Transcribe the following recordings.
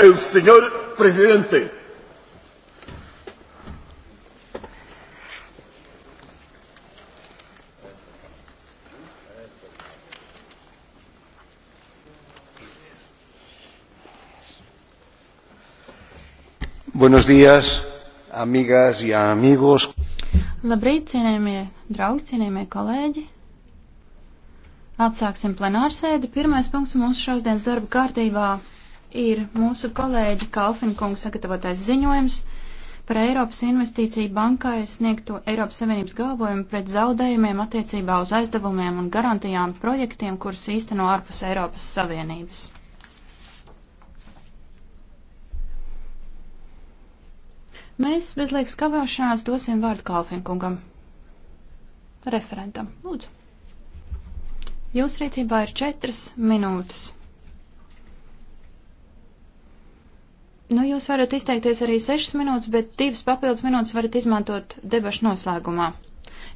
El señor presidente. Buenos días, amigas y amigos. Labrīt, cienējamie draugi, cienējamie kolēģi. Atsāksim plenārsēdi. Pirmais punkts mūsu šodienas darba kārtībā ir mūsu kolēģi Kalfinkungs sagatavotais ziņojums par Eiropas investīciju bankai sniegto Eiropas Savienības galvojumu pret zaudējumiem attiecībā uz aizdevumiem un garantijām projektiem, kurus īsteno ārpus Eiropas Savienības. Mēs bezliekas kavēšanās dosim vārdu Kalfinkungam. Referentam, lūdzu. Jūsu rīcībā ir četras minūtes. Nu, jūs varat izteikties arī 6 minūtes, bet 2 papildus minūtes varat izmantot debašu noslēgumā.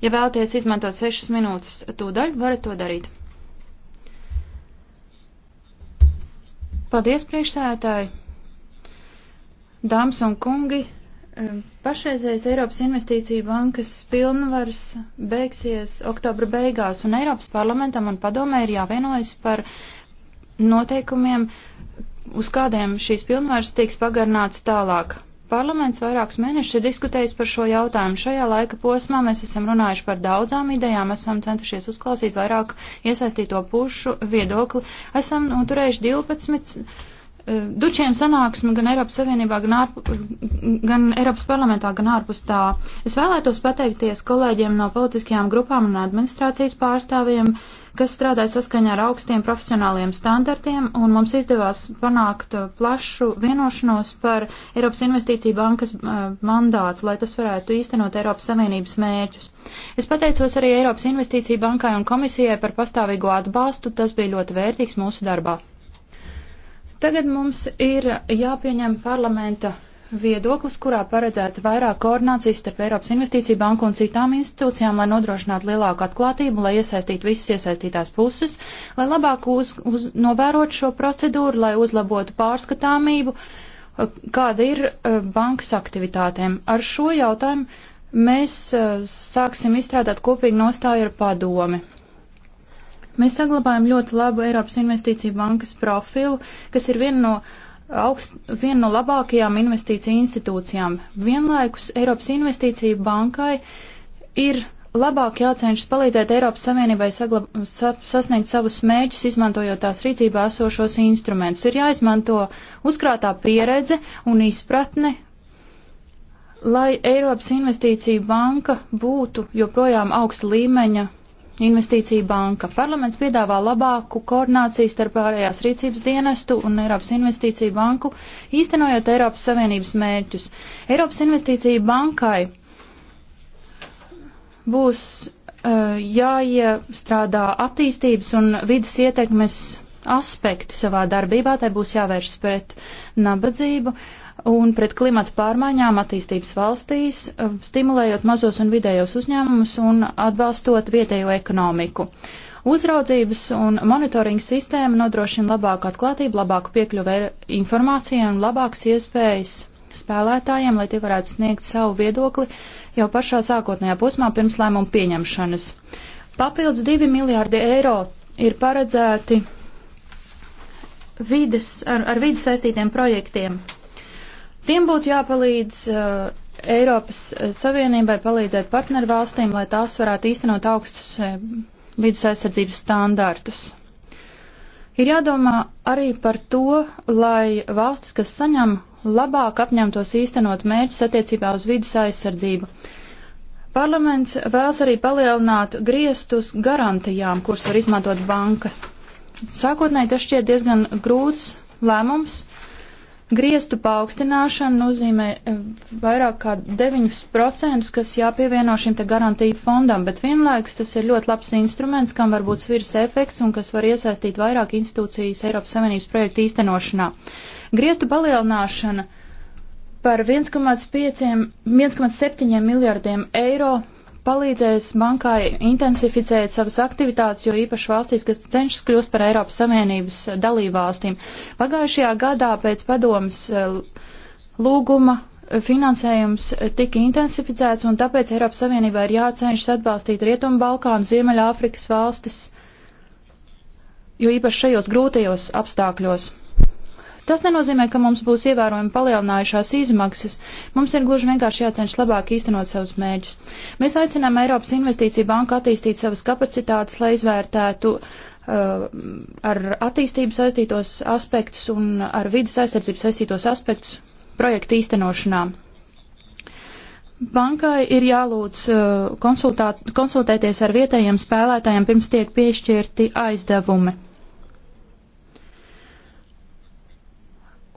Ja vēlaties izmantot 6 minūtes tūdaļ, varat to darīt. Paldies, priekšsētāji! Dāmas un kungi, pašreizējais Eiropas Investīcija bankas pilnvars beigsies oktobra beigās, un Eiropas parlamentam un padomē ir jāvienojas par noteikumiem, uz kādiem šīs pilnvaras tiks pagarnāts tālāk. Parlaments vairākus mēnešus ir diskutējis par šo jautājumu. Šajā laika posmā mēs esam runājuši par daudzām idejām, esam centušies uzklausīt vairāk iesaistīto pušu viedokli. Esam noturējuši 12 uh, eh, dučiem sanāksmi gan Eiropas Savienībā, gan, ārp, gan Eiropas parlamentā, gan ārpus tā. Es vēlētos pateikties kolēģiem no politiskajām grupām un administrācijas pārstāvjiem. Uh, kas strādāja saskaņā ar augstiem profesionāliem standartiem, un mums izdevās panākt uh, plašu vienošanos par Eiropas Investīcija bankas uh, mandātu, lai tas varētu īstenot Eiropas Savienības mērķus. Es pateicos arī Eiropas Investīcija bankai un komisijai par pastāvīgo atbalstu, tas bija ļoti vērtīgs mūsu darbā. Tagad mums ir jāpieņem parlamenta viedoklis, kurā paredzēta vairāk koordinācijas starp Eiropas Investīciju banku un citām institūcijām, lai nodrošinātu lielāku atklātību, lai iesaistītu visas iesaistītās puses, lai labāk uz, uz, novērotu šo procedūru, lai uzlabotu pārskatāmību, eh, kāda ir eh, bankas aktivitātēm. Ar šo jautājumu mēs eh, sāksim izstrādāt kopīgi nostāju ar padomi. Mēs saglabājam ļoti labu Eiropas Investīciju bankas profilu, kas ir viena no augst, viena no labākajām investīciju institūcijām. Vienlaikus Eiropas investīcija bankai ir labāk jācenšas palīdzēt Eiropas Savienībai saglab, sa, sasniegt savus mēģus, izmantojot tās rīcībā esošos instrumentus. Ir jāizmanto uzkrātā pieredze un izpratne, lai Eiropas Investīcija banka būtu joprojām augsta līmeņa investīcija banka. Parlaments piedāvā labāku koordināciju starp ārējās rīcības dienestu un Eiropas investīciju banku, īstenojot Eiropas Savienības mērķus. Eiropas investīcija bankai būs uh, jāiestrādā attīstības un vidas ietekmes aspekti savā darbībā, tai būs jāvēršas pret nabadzību un pret klimata pārmaiņām attīstības valstīs, eh, stimulējot mazos un vidējos uzņēmumus un atbalstot vietējo ekonomiku. Uzraudzības un monitoringa sistēma nodrošina labāku atklātību, labāku piekļuvu e- informācijai un labākas iespējas spēlētājiem, lai tie varētu sniegt savu viedokli jau pašā sākotnējā posmā pirms lēmumu pieņemšanas. Papildus 2 miljārdi eiro ir paredzēti vides, ar, ar vides saistītiem projektiem Tiem būtu jāpalīdz uh, Eiropas eh, Savienībai palīdzēt partnervalstīm, lai tās varētu īstenot augstus uh, vidas aizsardzības standartus. Ir jādomā arī par to, lai valstis, kas saņem labāk apņemtos īstenot mērķus attiecībā uz vidas aizsardzību. Parlaments vēlas arī palielināt griestus garantijām, kuras var izmantot banka. Sākotnēji tas šķiet diezgan grūts lēmums, uh, Griestu paaugstināšana nozīmē eh, vairāk kā 9%, kas jāpievieno šim te garantiju fondam, bet vienlaikus tas ir ļoti labs instruments, kam var būt svirs efekts un kas var iesaistīt vairāk institūcijas Eiropas Savienības projektu īstenošanā. Griestu palielināšana par 1,7 miljardiem eiro palīdzēs bankai intensificēt savas aktivitātes, jo īpaši valstīs, kas cenšas kļūst par Eiropas Savienības dalībvalstīm. Pagājušajā gadā pēc padomas eh, lūguma eh, finansējums eh, tika intensificēts, un tāpēc Eiropas Savienībā ir jācenšas atbalstīt Rietumu Balkānu, Ziemeļāfrikas valstis, jo īpaši šajos grūtajos apstākļos. Tas nenozīmē, ka mums būs ievērojami palielinājušās izmaksas. Mums ir gluži vienkārši jācenš labāk īstenot savus mērķus. Mēs aicinām Eiropas Investīciju banku attīstīt savas kapacitātes, lai izvērtētu uh, ar attīstību saistītos aspektus un ar vidas aizsardzību saistītos aspektus projektu īstenošanā. Bankai ir jālūdz uh, konsultēties ar vietējiem spēlētājiem, pirms tiek piešķirti aizdevumi.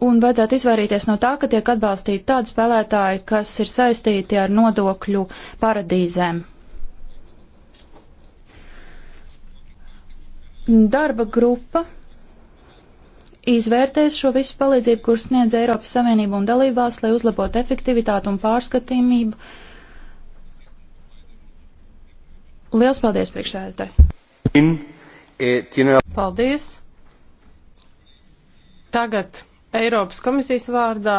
Un vajadzētu izvairīties no tā, ka tiek atbalstīti tādi spēlētāji, kas ir saistīti ar nodokļu paradīzēm. Darba grupa izvērtēs šo visu palīdzību, kur sniedz Eiropas Savienību un dalībās, lai uzlabotu efektivitātu un pārskatīmību. Liels paldies, priekšsēdētāji! Eh, paldies! Tagad Eiropas komisijas vārdā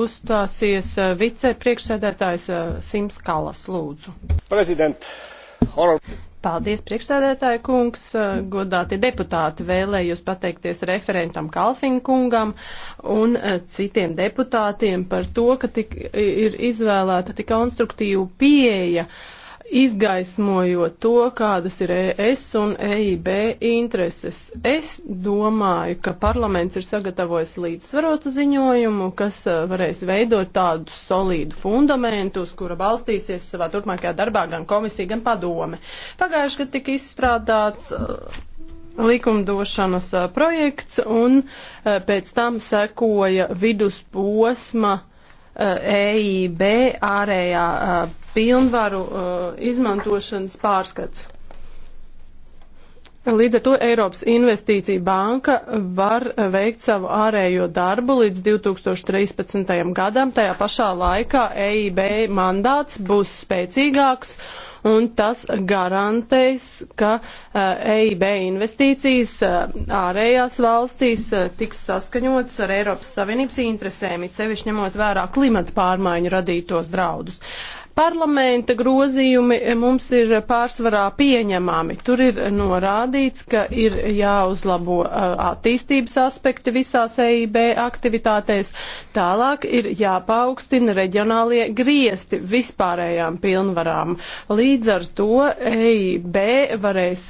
uzstāsies eh, vicepriekšsēdētājs eh, Sims Kalas, lūdzu. Prezident, honor. Paldies, priekšsēdētāja kungs, eh, godāti deputāti, vēlējos pateikties referentam Kalfinu kungam un citiem deputātiem par to, ka tik, ir izvēlēta tik konstruktīva pieeja uh, izgaismojot to, kādas ir ES un EIB intereses. Es domāju, ka parlaments ir sagatavojis līdzsvarotu ziņojumu, kas eh, varēs veidot tādu solīdu fundamentu, uz kura balstīsies savā turpmākajā darbā gan komisija, gan padome. Pagājuši, kad tika izstrādāts eh, likumdošanas eh, projekts un pēc tam sekoja vidusposma EIB e ārējā pilnvaru uh, izmantošanas pārskats. Līdz ar to Eiropas Investīcija banka var veikt savu ārējo darbu līdz 2013. gadam. Tajā pašā laikā EIB mandāts būs spēcīgāks un tas garantēs, ka uh, EIB investīcijas uh, ārējās valstīs uh, tiks saskaņotas ar Eiropas Savienības interesēm, it sevišķi ņemot vērā klimata pārmaiņu radītos draudus. Uh, Parlamenta grozījumi eh, mums ir eh, pārsvarā pieņemami. Tur ir eh, norādīts, ka ir jāuzlabo attīstības aspekti visās EIB aktivitātēs. Tālāk ir jāpaukstina reģionālie griesti vispārējām pilnvarām. Līdz ar to EIB varēs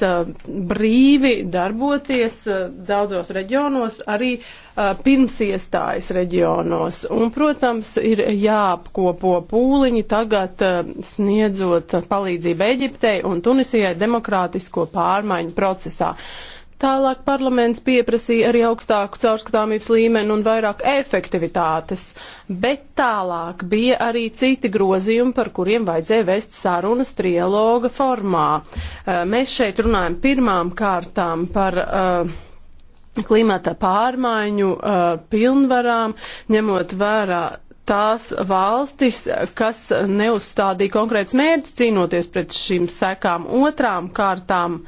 brīvi darboties daudzos reģionos arī pirms iestājas reģionos. Un, protams, ir jāapkopo pūliņi tagad sniedzot palīdzību Eģiptei un Tunisijai demokrātisko pārmaiņu procesā. Tālāk parlaments pieprasīja arī augstāku caurskatāmības līmeni un vairāk efektivitātes, bet tālāk bija arī citi grozījumi, par kuriem vajadzēja vest sarunas trialoga formā. Mēs šeit runājam pirmām kārtām par uh, klimata pārmaiņu uh, pilnvarām, ņemot vērā tās valstis, kas neuzstādīja konkrēts mērķis cīnoties pret šīm sekām otrām kārtām.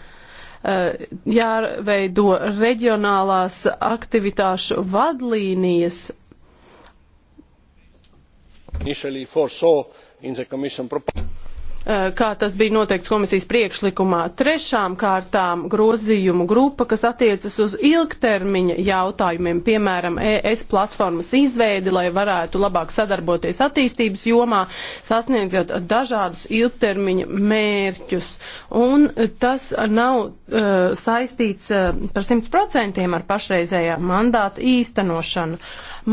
Uh, jāveido reģionālās aktivitāšu vadlīnijas. Initially foresaw in the Commission proposal. Eh, kā tas bija noteikts komisijas priekšlikumā. Trešām kārtām grozījumu grupa, kas attiecas uz ilgtermiņa jautājumiem, piemēram, ES platformas izveidi, lai varētu labāk sadarboties attīstības jomā, sasniedzot dažādus ilgtermiņa mērķus. Un tas nav uh, saistīts uh, par 100% ar pašreizējā mandāta īstenošanu.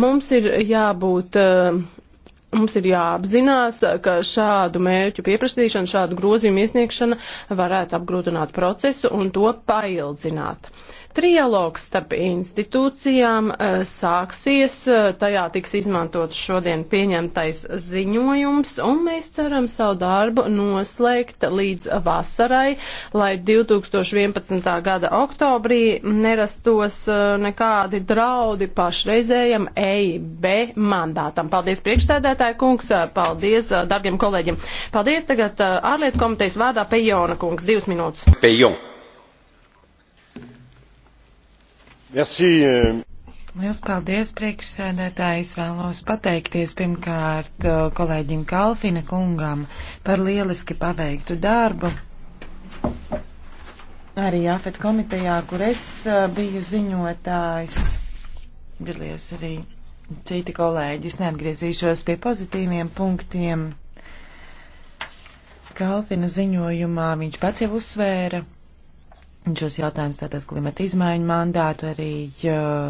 Mums ir jābūt uh, Mums ir jāapzinās, ka šādu mērķu pieprasīšana, šādu grozījumu iesniegšana varētu apgrūtināt procesu un to paildzināt. Uh, Trialogs starp institūcijām eh, sāksies, eh, tajā tiks izmantots šodien pieņemtais ziņojums, un mēs ceram savu darbu noslēgt līdz vasarai, lai 2011. gada oktobrī nerastos eh, nekādi draudi pašreizējam EIB mandātam. Paldies, priekšsēdētāji kungs, paldies, dargiem kolēģiem. Paldies tagad ārlietu komitejas vārdā Pejona kungs, divas minūtes. Pejon. Merci. Euh. Liels paldies, priekšsēdētājs. Vēlos pateikties pirmkārt uh, kolēģim Kalfina kungam par lieliski paveiktu darbu. Arī AFET komitejā, kur es uh, biju ziņotājs, bilies arī citi kolēģi. Es neatgriezīšos pie pozitīviem punktiem. Kalfina ziņojumā viņš pats jau uzsvēra Un šos jautājumus tātad klimata izmaiņu mandātu arī uh,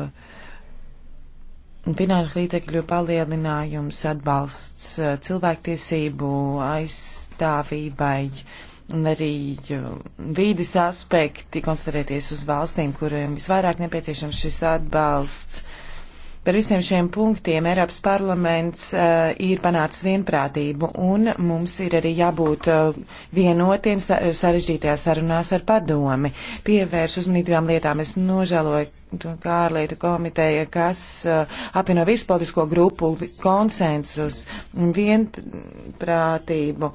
finanšu līdzekļu palielinājums, atbalsts uh, cilvēktiesību aizstāvībai un arī uh, vīdes aspekti, koncentrēties uz valstīm, kuriem visvairāk nepieciešams šis atbalsts. Uh, Par visiem šiem punktiem Eiropas parlaments uh, ir panācis vienprātību, un mums ir arī jābūt uh, vienotiem sa sarežģītajā sarunās ar padomi. Pievērš uzmanīgām lietām es nožēloju, kā ārlietu komiteja, kas uh, apvieno visu politisko grupu konsensus un vienprātību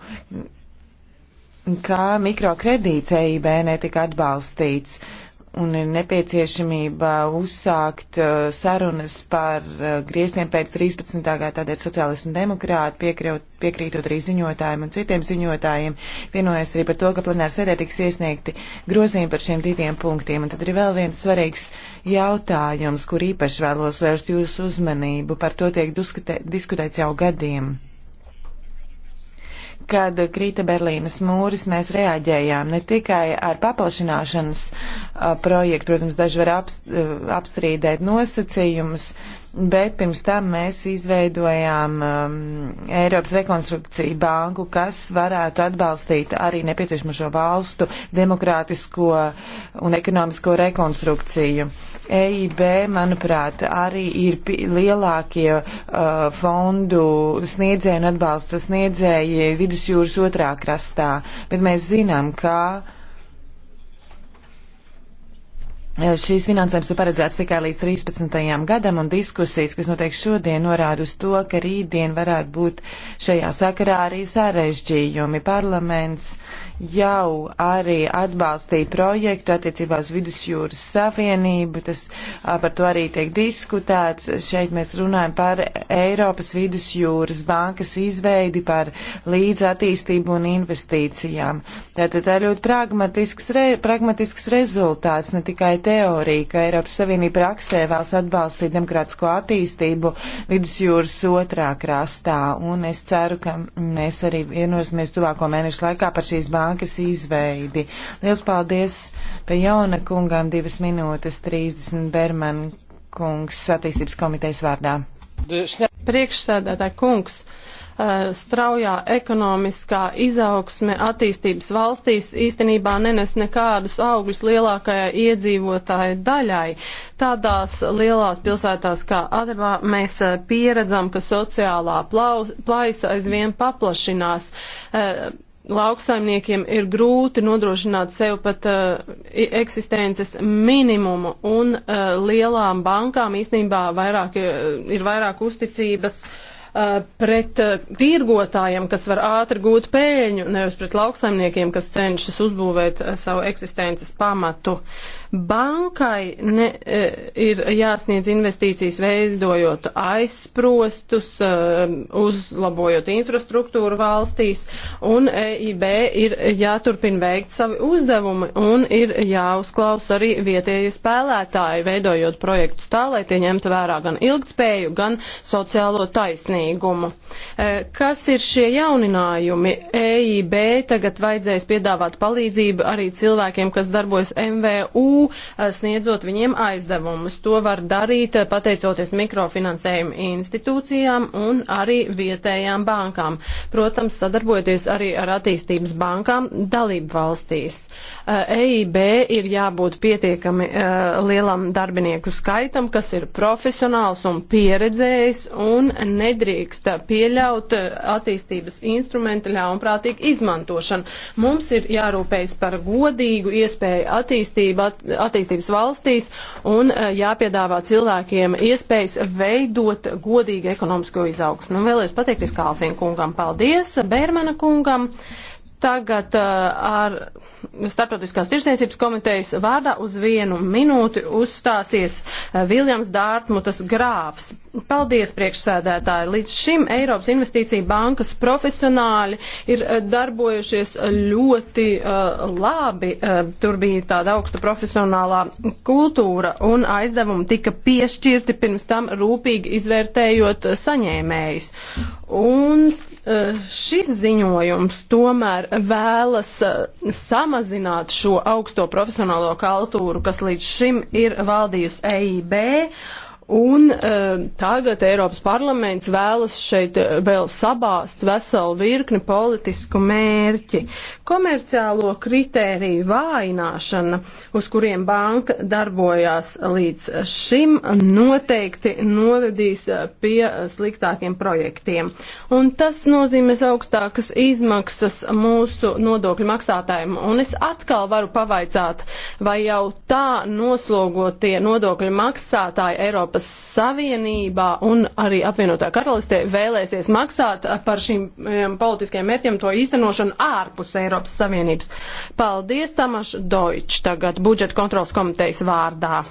kā mikrokredīts EIB netika atbalstīts. Uh, un ir nepieciešamība uzsākt uh, sarunas par uh, grieztiem pēc 13. gadā, tādēļ sociālisti un demokrāti piekrīt, piekrītot arī ziņotājiem un citiem ziņotājiem, vienojas arī par to, ka plenāra sēdē tiks iesniegti grozījumi par šiem diviem punktiem. Un tad ir vēl viens svarīgs jautājums, kur īpaši vēlos vērst jūsu uzmanību. Par to tiek diskutē, diskutēts jau gadiem kad krīta Berlīnas mūris, mēs reaģējām ne tikai ar paplašināšanas uh, projektu, protams, daži var uh, apstrīdēt nosacījumus, uh, bet pirms tam mēs izveidojām um, Eiropas rekonstrukciju banku, kas varētu atbalstīt arī nepieciešamo šo valstu demokrātisko un ekonomisko rekonstrukciju. EIB, manuprāt, arī ir lielākie uh, fondu sniedzēji un atbalsta sniedzēji vidusjūras otrā krastā, bet mēs zinām, ka Šīs finansējums ir paredzēts tikai līdz 13. gadam, un diskusijas, kas notiek šodien, norāda uz to, ka rītdien varētu būt šajā sakarā arī sarežģījumi. Parlaments jau arī atbalstīja projektu attiecībā uz Vidusjūras Savienību. Tas par to arī tiek diskutēts. Šeit mēs runājam par Eiropas Vidusjūras bankas izveidi, par līdz attīstību un investīcijām. Tātad tā ir ļoti pragmatisks, re, pragmatisks rezultāts, ne tikai teorija, ka Eiropas Savienība praksē vēlas atbalstīt demokrātisko attīstību Vidusjūras otrā krastā. Un es ceru, ka mēs arī vienosimies tuvāko mēnešu laikā par šīs bankas bankas izveidi. Liels paldies pie jauna kungām 2 minūtes 30 Berman kungs attīstības komitejas vārdā. Priekšsēdētāji kungs eh, straujā ekonomiskā izaugsme attīstības valstīs īstenībā nenes nekādus augļus lielākajai iedzīvotāju daļai. Tādās lielās pilsētās kā Adabā mēs eh, pieredzam, ka sociālā plaisa aizvien paplašinās. Eh, lauksaimniekiem ir grūti nodrošināt sev pat uh, eksistences minimumu, un uh, lielām bankām īstenībā vairāk, uh, ir vairāk uzticības uh, pret uh, tirgotājiem, kas var ātri gūt pēļņu, nevis pret lauksaimniekiem, kas cenšas uzbūvēt uh, savu eksistences pamatu. Uh, Bankai ne, e, ir jāsniedz investīcijas veidojot aizsprostus, e, uzlabojot infrastruktūru valstīs, un EIB ir jāturpina veikt savi uzdevumi un ir jāuzklausa arī vietējie spēlētāji, veidojot projektus tā, lai tie ņemtu vērā gan ilgtspēju, gan sociālo taisnīgumu. E, kas ir šie jauninājumi? EIB tagad vajadzēs piedāvāt palīdzību arī cilvēkiem, kas darbojas MVU MVU, eh, sniedzot viņiem aizdevumus. To var darīt eh, pateicoties mikrofinansējuma institūcijām un arī vietējām bankām. Protams, sadarbojoties arī ar attīstības bankām dalību valstīs. EIB eh, e ir jābūt pietiekami lielam darbinieku skaitam, kas ir profesionāls un pieredzējis un nedrīkst pieļaut attīstības instrumenta ļaunprātīgu izmantošanu. Mums ir jārūpējas par godīgu iespēju attīstību at, attīstības valstīs un eh, jāpiedāvā cilvēkiem iespējas veidot godīgu ekonomisko izaugsmu. Nu, vēlējos pateikties Kalfin kungam, paldies Bērmana kungam. Tagad eh, ar Startautiskās tirsniecības komitejas vārdā uz vienu minūti uzstāsies eh, Viljams Dārtmutas grāfs. Paldies, priekšsēdētāji! Līdz šim Eiropas investīcija bankas profesionāļi ir eh, darbojušies ļoti uh, labi. Uh, tur bija tāda augsta profesionālā kultūra un aizdevumi tika piešķirti pirms tam rūpīgi izvērtējot saņēmējus. Un Eh, šis ziņojums tomēr vēlas eh, samazināt šo augsto profesionālo kultūru, kas līdz šim ir valdījusi EIB, Un e, tagad Eiropas parlaments vēlas šeit eh, vēl sabāst veselu virkni politisku mērķi. Komerciālo kritēriju vājināšana, uz kuriem banka darbojās līdz šim, noteikti novedīs eh, pie sliktākiem projektiem. Un tas nozīmēs augstākas izmaksas mūsu nodokļu maksātājiem. Un es atkal varu pavaicāt, vai jau tā noslogotie nodokļu maksātāji Eiropas Eiropas Savienībā un arī apvienotā karalistē vēlēsies maksāt par šīm um, politiskajiem mērķiem to īstenošanu ārpus Eiropas Savienības. Paldies, Tamaš Deutsch, tagad budžeta kontrols komitejas vārdā.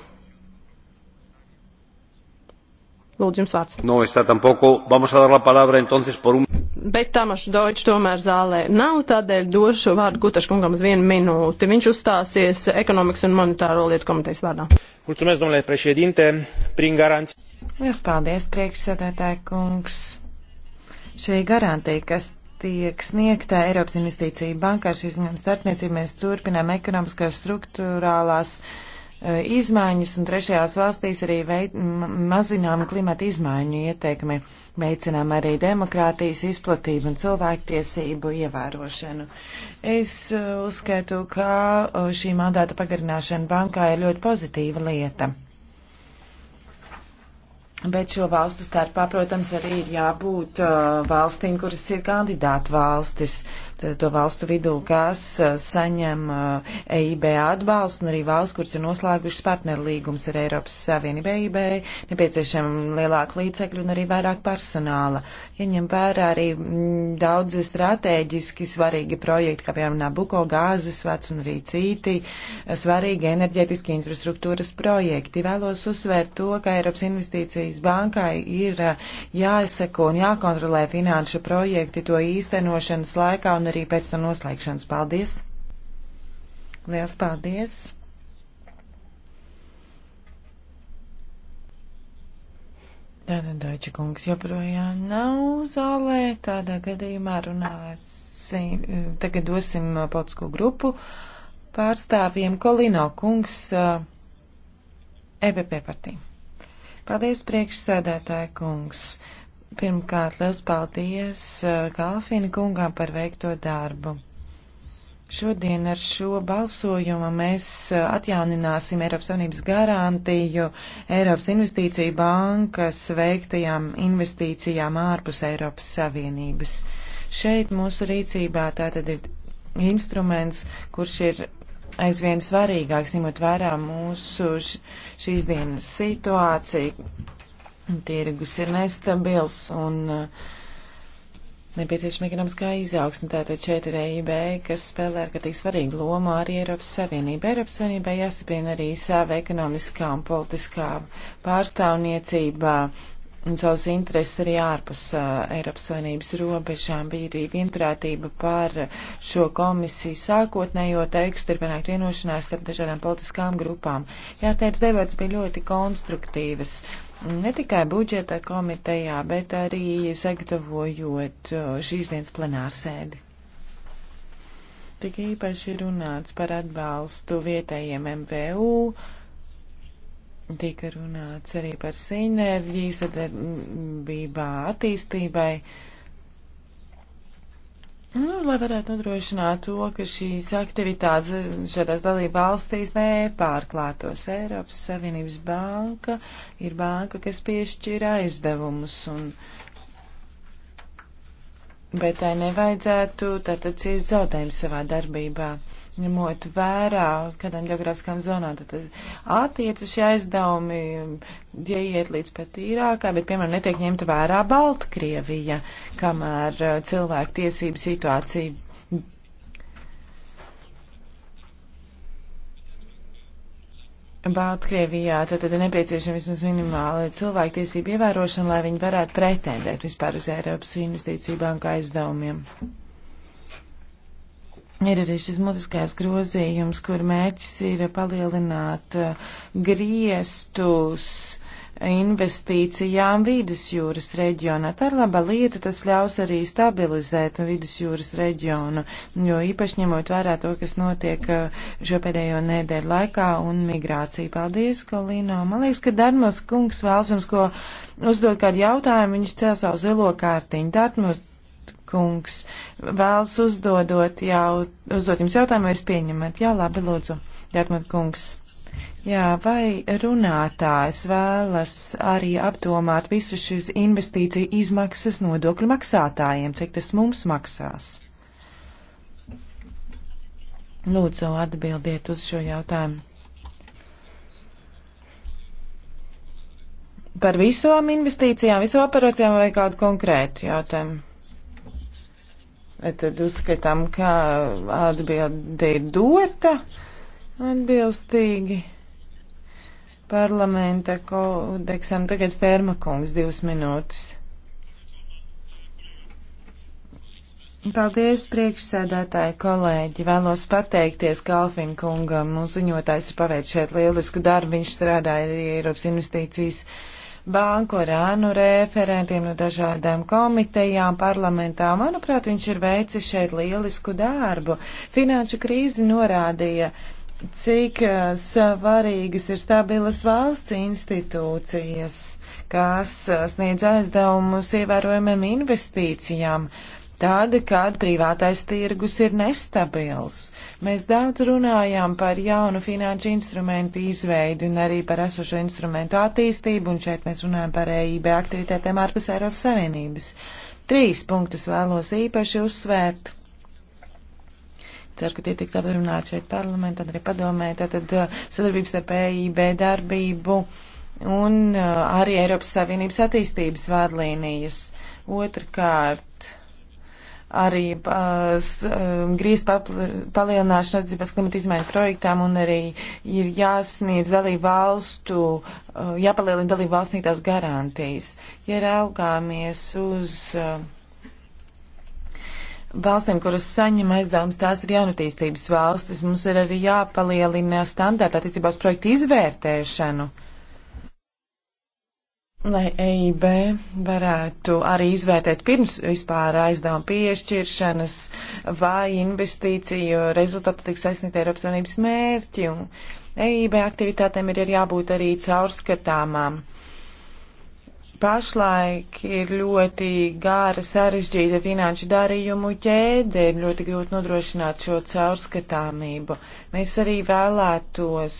Lūdzu, jums vārds. No, es tā tampoco. Vamos a dar la palabra entonces por un. Bet Tamašs Deutsch tomēr zālē nav, tādēļ došu vārdu Gutaškungam uz vienu minūti. Viņš uzstāsies ekonomikas un monetāro lietu komitejas vārdā. Mulțumesc, domnule președinte, prin garanții. Lielas paldies, priekšsēdētāji kungs. Šī garantija, kas tiek sniegta Eiropas investīcija bankā, šī ziņojuma starpniecība, mēs turpinām ekonomiskās struktūrālās. Uh, Eh, izmaiņas, un trešajās valstīs arī veid, mazinām klimata izmaiņu ietekmi, veicinām arī demokrātijas izplatību un cilvēktiesību ievērošanu. Es eh, uzskatu, ka eh, šī mandāta pagarināšana bankā ir ļoti pozitīva lieta. Bet šo valstu starpā, protams, arī ir jābūt uh, valstīm, kuras ir kandidātu valstis. Uh, to valstu vidū, kas eh, saņem EIB eh, e atbalstu un arī valsts, kuras ir noslēgušas partnerlīgums ar Eiropas Savienību. EIB nepieciešama lielāka līdzekļu un arī vairāk personāla. Ieņem ja vērā arī mm, daudzi strateģiski svarīgi projekti, kā piemēram Nabuko gāzes vec un arī citi eh, svarīgi enerģētiski infrastruktūras projekti. Vēlos uzsvērt to, ka Eiropas investīcijas bankai ir jāseko un jākontrolē finanšu projekti to īstenošanas laikā un un arī pēc to noslēgšanas. Paldies! Liels paldies! Tātad Deutsche kungs joprojām nav zālē, tādā gadījumā runāsim, tagad dosim politisko grupu pārstāvjiem Kolino kungs EBP eh, e partiju. Paldies priekšsēdētāja kungs. Pirmkārt, liels paldies eh, Kalfina kungām par veikto darbu. Šodien ar šo balsojumu mēs eh, atjaunināsim Eiropas Savienības garantiju Eiropas Investīcija bankas veiktajām investīcijām ārpus Eiropas Savienības. Šeit mūsu rīcībā tātad ir instruments, kurš ir aizvien svarīgāks, ņemot vērā mūsu šīs dienas situāciju, Tirgus ir nestabils un uh, nepieciešama ekonomiskā izaugsme. Tātad šeit ir EIB, kas spēlē ārkārtīgi svarīgu lomu arī Eiropas Savienība. Eiropas Savienībai jāsaprina arī sava ekonomiskā un politiskā pārstāvniecība un savus intereses arī ārpus uh, Eiropas Savienības robežām. Bija arī vienprātība par šo komisiju sākotnējo tekstu ir panākt vienošanās starp dažādām politiskām grupām. Jāteic, debats bija ļoti konstruktīvas ne tikai budžeta komitejā, bet arī sagatavojot šīs dienas plenārsēdi. Tik īpaši runāts par atbalstu vietējiem MVU, tika runāts arī par sinerģiju sadarbībā attīstībai. Uh, Nu, lai varētu nodrošināt to, ka šīs aktivitātes šādās dalība valstīs nepārklātos. Eiropas Savienības banka ir banka, kas piešķir aizdevumus un uh, bet tai nevajadzētu tātad ciest zaudējumu savā darbībā. Ņemot vērā, uz kādām geogrāfiskām zonām tad attiecas šie aizdevumi, ja iet līdz pat īrākā, bet, piemēram, netiek ņemta vērā Baltkrievija, kamēr eh, cilvēku tiesību situācija Baltkrievijā tad ir nepieciešama vismaz minimāla cilvēktiesība ievērošana, lai viņi varētu pretendēt vispār uz Eiropas investīciju banku aizdevumiem. Ir arī šis mutiskais grozījums, kur mērķis ir palielināt uh, griestus investīcijām vidusjūras reģionā. Tā ir laba lieta, tas ļaus arī stabilizēt vidusjūras reģionu, jo īpaši ņemot vērā to, kas notiek uh, šo pēdējo nedēļu laikā un migrāciju. Paldies, Kolīno. Man liekas, ka Darmos kungs vēlas jums ko uzdot kādu jautājumu, viņš cēl savu zilo kārtiņu. Darmos kungs vēlas uzdodot jau, uzdot jums jautājumu, vai jūs pieņemat? Jā, labi, lūdzu, Darmos kungs. Jā, vai runātājs vēlas arī apdomāt visu šīs investīciju izmaksas nodokļu maksātājiem, cik tas mums maksās? Lūdzu, atbildiet uz šo jautājumu. Par visām investīcijām, visu operācijām vai kādu konkrētu jautājumu? Tad uzskatām, ka atbildi ir dota atbilstīgi parlamenta kodeksam. Tagad Fērma kungs divas minūtes. Paldies, priekšsēdētāji, kolēģi. Vēlos pateikties Kalfinu kungam. Mūsu ziņotājs ir paveicis šeit lielisku darbu. Viņš strādāja arī Eiropas investīcijas banku ar ānu referentiem no dažādām komitejām parlamentā. Manuprāt, viņš ir veicis šeit lielisku darbu. Finanšu krīze norādīja cik eh, svarīgas ir stabilas valsts institūcijas, kas eh, sniedz aizdevumus ievērojumiem investīcijām, tad, kad privātais tirgus ir nestabils. Mēs daudz runājām par jaunu finanšu instrumentu izveidu un arī par esošo instrumentu attīstību, un šeit mēs runājam par EIB aktivitātēm ārpus Eiropas Savienības. Trīs punktus vēlos īpaši uzsvērt. Ceru, ka tie tiks apdrunāti šeit parlamentā, arī padomē, tātad uh, sadarbības ar PIB darbību un uh, arī Eiropas Savienības attīstības vādlīnijas. Otrkārt, arī uh, um, grīz palielināšana attiecībās klimata izmaiņu projektām un arī ir jāsniedz dalību valstu, jāpalielina dalību valstnītās garantijas. Ja raugāmies uz. Uh, valstīm, kuras saņem aizdevums, tās ir jaunatīstības valstis. Mums ir arī jāpalielina standārta attiecībā uz projektu izvērtēšanu, lai EIB varētu arī izvērtēt pirms vispār aizdevuma piešķiršanas vai investīciju rezultātu tiks aizsniegt Eiropas Savienības mērķi. Un EIB aktivitātēm ir jābūt arī caurskatāmām pašlaik ir ļoti gāra sarežģīta finanšu darījumu ķēde, ir ļoti grūti nodrošināt šo caurskatāmību. Mēs arī vēlētos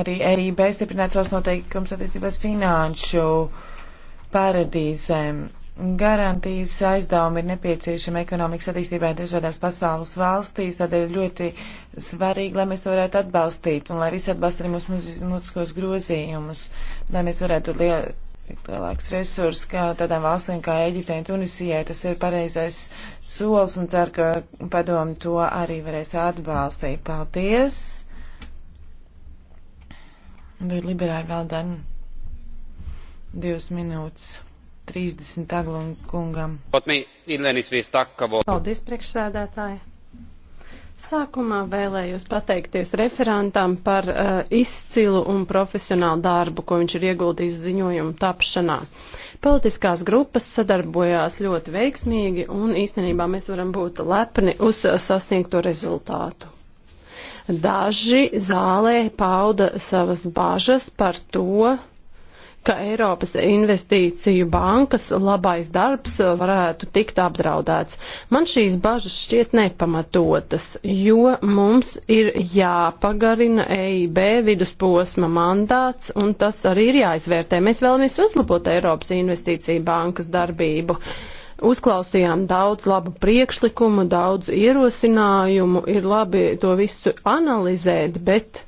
arī EIB stiprināt savus noteikumus attiecībās finanšu paradīzēm. Garantijas aizdevumi ir nepieciešami ekonomikas attīstībai dažādās pasaules valstīs, tādēļ ļoti svarīgi, lai mēs to varētu atbalstīt un lai visi atbalsta arī mūsu mūziskos grozījumus, lai mēs varētu liel, lielāks resurs, kā tādām valstīm kā Eģiptei un Tunisijai. Tas ir pareizais solis un ceru, ka padomu to arī varēs atbalstīt. Paldies! Un tad liberāļi vēl dan divas minūtes. 30 aglun kungam. Paldies, priekšsēdētāji. Sākumā vēlējos pateikties referentam par uh, izcilu un profesionālu darbu, ko viņš ir ieguldījis ziņojumu tapšanā. Politiskās grupas sadarbojās ļoti veiksmīgi un īstenībā mēs varam būt lepni uz sasniegto rezultātu. Daži zālē pauda savas bažas par to, ka Eiropas investīciju bankas labais darbs varētu tikt apdraudēts. Man šīs bažas šķiet nepamatotas, jo mums ir jāpagarina EIB vidusposma mandāts, un tas arī ir jāizvērtē. Mēs vēlamies uzlabot Eiropas investīciju bankas darbību. Uzklausījām daudz labu priekšlikumu, daudz ierosinājumu, ir labi to visu analizēt, bet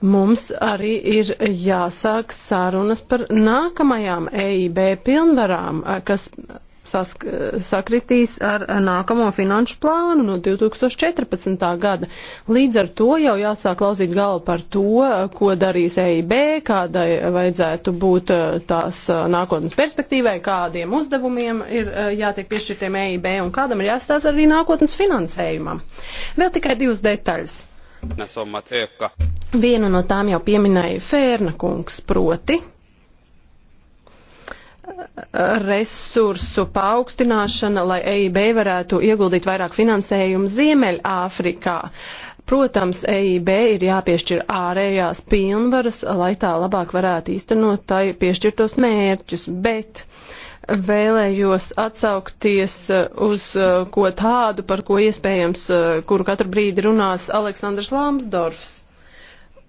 mums arī ir jāsāk sarunas par nākamajām EIB pilnvarām, kas sask, sakritīs ar nākamo finanšu plānu no 2014. gada. Līdz ar to jau jāsāk klausīt galvu par to, ko darīs EIB, kādai vajadzētu būt tās nākotnes perspektīvai, kādiem uzdevumiem ir jātiek piešķirtiem EIB un kādam ir jāstās arī nākotnes finansējumam. Vēl tikai divas detaļas. Nesommat öka. Vienu no tām jau pieminēja Fērna kungs, proti resursu paaugstināšana, lai EIB varētu ieguldīt vairāk finansējumu Ziemeļāfrikā. Protams, EIB ir jāpiešķir ārējās pilnvaras, lai tā labāk varētu īstenot tai piešķirtos mērķus, bet vēlējos atsaukties uh, uz uh, ko tādu, par ko iespējams, uh, kuru katru brīdi runās Aleksandrs Lamsdorfs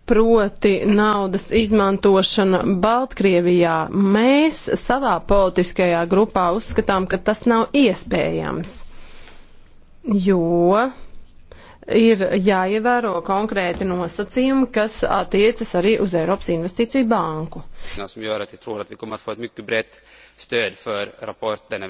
proti naudas izmantošana Baltkrievijā. Mēs savā politiskajā grupā uzskatām, ka tas nav iespējams, jo ir jāievēro konkrēti nosacījumi, kas attiecas arī uz Eiropas investīciju banku. Som gör att jag tror att vi kommer att få ett mycket brett stöd för rapporten.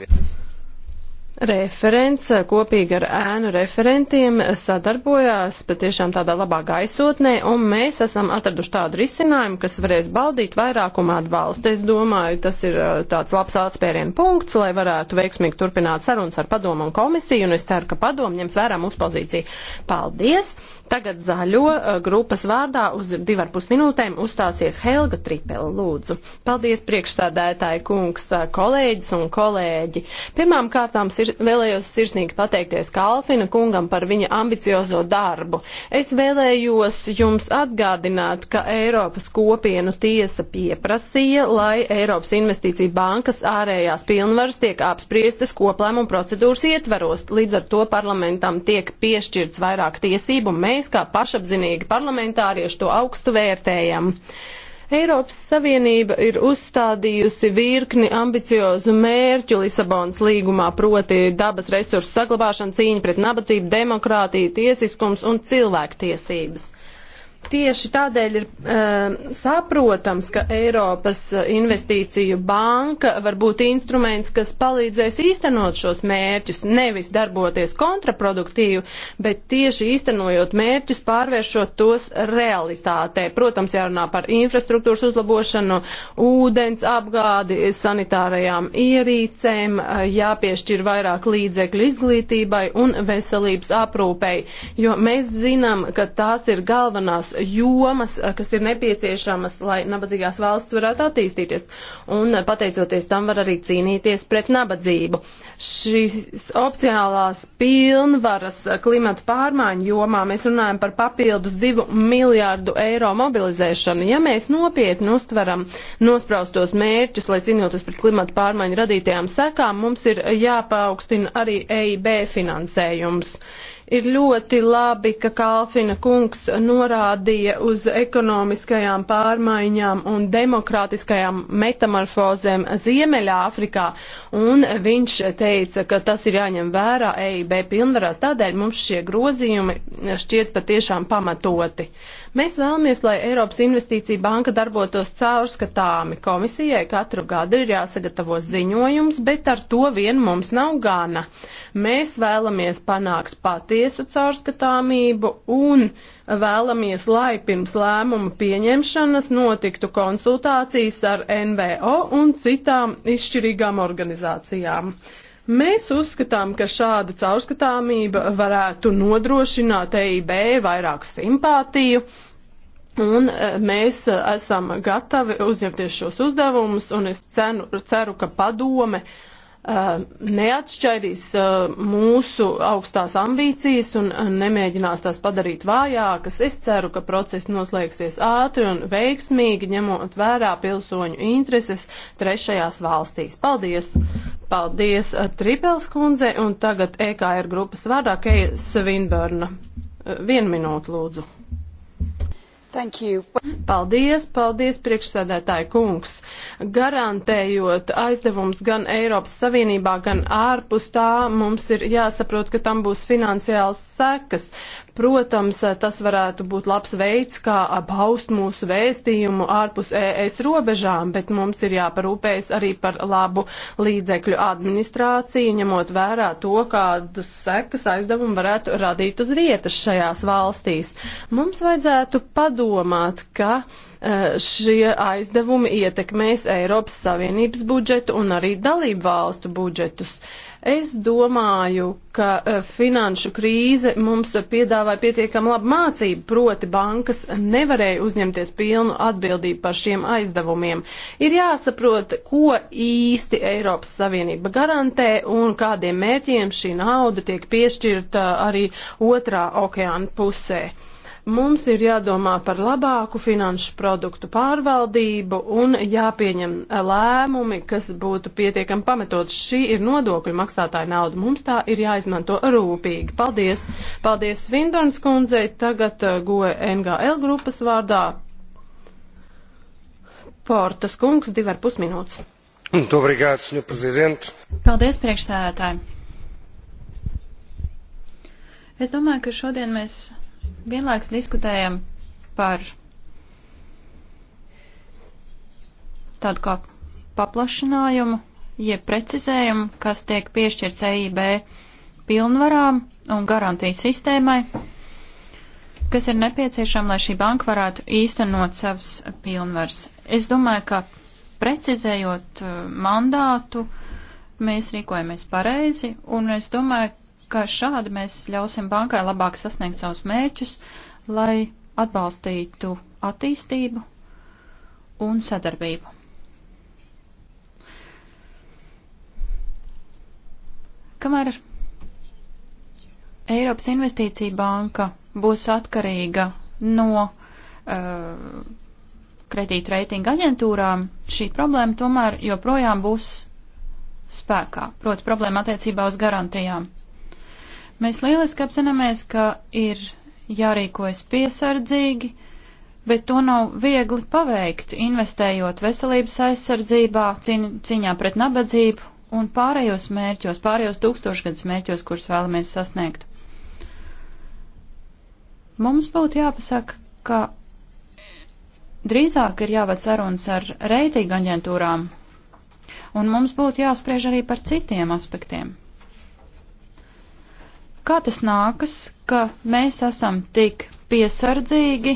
Referents kopīgi ar ēnu referentiem sadarbojās patiešām tādā labā gaisotnē, un mēs esam atraduši tādu risinājumu, kas varēs baudīt vairākumu atbalstu. Es domāju, tas ir uh, tāds labs atspērienu punkts, lai varētu veiksmīgi turpināt sarunas ar padomu un komisiju, un es ceru, ka padomu ņems vērā mūsu pozīciju. Paldies! Tagad zaļo uh, grupas vārdā uz divar pus minūtēm uzstāsies Helga Tripela lūdzu. Paldies priekšsādētāji kungs, uh, kolēģis un kolēģi. Pirmām kārtām sir vēlējos sirsnīgi pateikties Kalfina kungam par viņa ambiciozo darbu. Es vēlējos jums atgādināt, ka Eiropas kopienu tiesa pieprasīja, lai Eiropas investīcija bankas ārējās pilnvaras tiek apspriestas koplēmuma procedūras ietveros. Līdz ar to parlamentam tiek piešķirts vairāk tiesību. Mēs mēs kā pašapzinīgi parlamentārieši to augstu vērtējam. Eiropas Savienība ir uzstādījusi virkni ambiciozu mērķu Lisabonas līgumā, proti dabas resursu saglabāšana, cīņa pret nabadzību, demokrātiju, tiesiskums un cilvēktiesības. Tieši tādēļ ir uh, saprotams, ka Eiropas eh, investīciju banka var būt instruments, kas palīdzēs īstenot šos mērķus, nevis darboties kontraproduktīvi, bet tieši īstenojot mērķus, pārvēršot tos realitātē. Protams, jārunā par infrastruktūras uzlabošanu, ūdens apgādi, sanitārajām ierīcēm, eh, jāpiešķir vairāk līdzekļu izglītībai un veselības aprūpei, jo mēs zinām, ka tās ir galvenās tās jomas, eh, kas ir nepieciešamas, lai nabadzīgās valsts varētu attīstīties. Un eh, pateicoties tam var arī cīnīties pret nabadzību. Šīs opcionālās pilnvaras eh, klimata pārmaiņu jomā mēs runājam par papildus divu miljārdu eiro mobilizēšanu. Ja mēs nopietni uztveram nospraustos mērķus, lai cīnītos pret klimata pārmaiņu radītajām sekām, mums ir jāpaukstina arī EIB finansējums. Ir ļoti labi, ka Kalfina kungs norādīja uz ekonomiskajām pārmaiņām un demokrātiskajām metamorfozēm Ziemeļāfrikā, un viņš teica, ka tas ir jāņem vērā EIB pilnvarās, tādēļ mums šie grozījumi šķiet patiešām pamatoti. Mēs vēlamies, lai Eiropas Investīcija banka darbotos caurskatāmi. Komisijai katru gadu ir jāsagatavo ziņojums, bet ar to vien mums nav gana. Mēs vēlamies panākt patiesu caurskatāmību un vēlamies, lai pirms lēmuma pieņemšanas notiktu konsultācijas ar NVO un citām izšķirīgām organizācijām. Mēs uzskatām, ka šāda caurskatāmība varētu nodrošināt EIB vairāk simpātiju. Un e, mēs e, esam gatavi uzņemties šos uzdevumus, un es cenu, ceru, ka padome uh, Uh, neatšķaidīs uh, mūsu augstās ambīcijas un uh, nemēģinās tās padarīt vājākas. Es ceru, ka process noslēgsies ātri un veiksmīgi, ņemot vērā pilsoņu intereses trešajās valstīs. Paldies! Paldies Tripels kundze un tagad EKR grupas vārdā Keja Svinbērna. Vienu minūtu lūdzu. Paldies, paldies, priekšsēdētāji kungs. Garantējot aizdevums gan Eiropas Savienībā, gan ārpus tā, mums ir jāsaprot, ka tam būs finansiāls sekas. Protams, tas varētu būt labs veids, kā paust mūsu vēstījumu ārpus ES robežām, bet mums ir jāparūpējas arī par labu līdzekļu administrāciju, ņemot vērā to, kādas sekas aizdevumi varētu radīt uz vietas šajās valstīs. Mums vajadzētu padomāt domāt, ka e, šie aizdevumi ietekmēs Eiropas Savienības budžetu un arī dalību valstu budžetus. Es domāju, ka e, finanšu krīze mums piedāvāja pietiekami labu mācību, proti bankas nevarēja uzņemties pilnu atbildību par šiem aizdevumiem. Ir jāsaprot, ko īsti Eiropas Savienība garantē un kādiem mērķiem šī nauda tiek piešķirta arī otrā okeāna pusē. Mums ir jādomā par labāku finanšu produktu pārvaldību un jāpieņem lēmumi, kas būtu pietiekami pametots. Šī ir nodokļu maksātāja nauda. Mums tā ir jāizmanto rūpīgi. Paldies! Paldies Svinbarns kundzei, tagad uh, goja NGL grupas vārdā. Portas kungs, divi ar pus minūtes. Obrigado, senhor presidente. Paldies, priekšsēdētāji. Es domāju, ka šodien mēs vienlaiks diskutējam par tādu kā paplašinājumu, jeb precizējumu, kas tiek piešķirts EIB pilnvarām un garantijas sistēmai, kas ir nepieciešama, lai šī banka varētu īstenot savas pilnvaras. Es domāju, ka precizējot uh, mandātu, mēs rīkojamies pareizi, un es domāju, ka šādi mēs ļausim bankai labāk sasniegt savus mērķus, lai atbalstītu attīstību un sadarbību. Kamēr Eiropas Investīcija banka būs atkarīga no uh, kredītu reitinga aģentūrām, šī problēma tomēr joprojām būs spēkā. Proti problēma attiecībā uz garantijām. Mēs lieliski apzināmies, ka ir jārīkojas piesardzīgi, bet to nav viegli paveikt, investējot veselības aizsardzībā, cīn, cīņā pret nabadzību un pārējos mērķos, pārējos tūkstošgadus mērķos, kurus vēlamies sasniegt. Mums būtu jāpasaka, ka drīzāk ir jāved sarunas ar reitinga aģentūrām, un mums būtu jāspriež arī par citiem aspektiem. Kā tas nākas, ka mēs esam tik piesardzīgi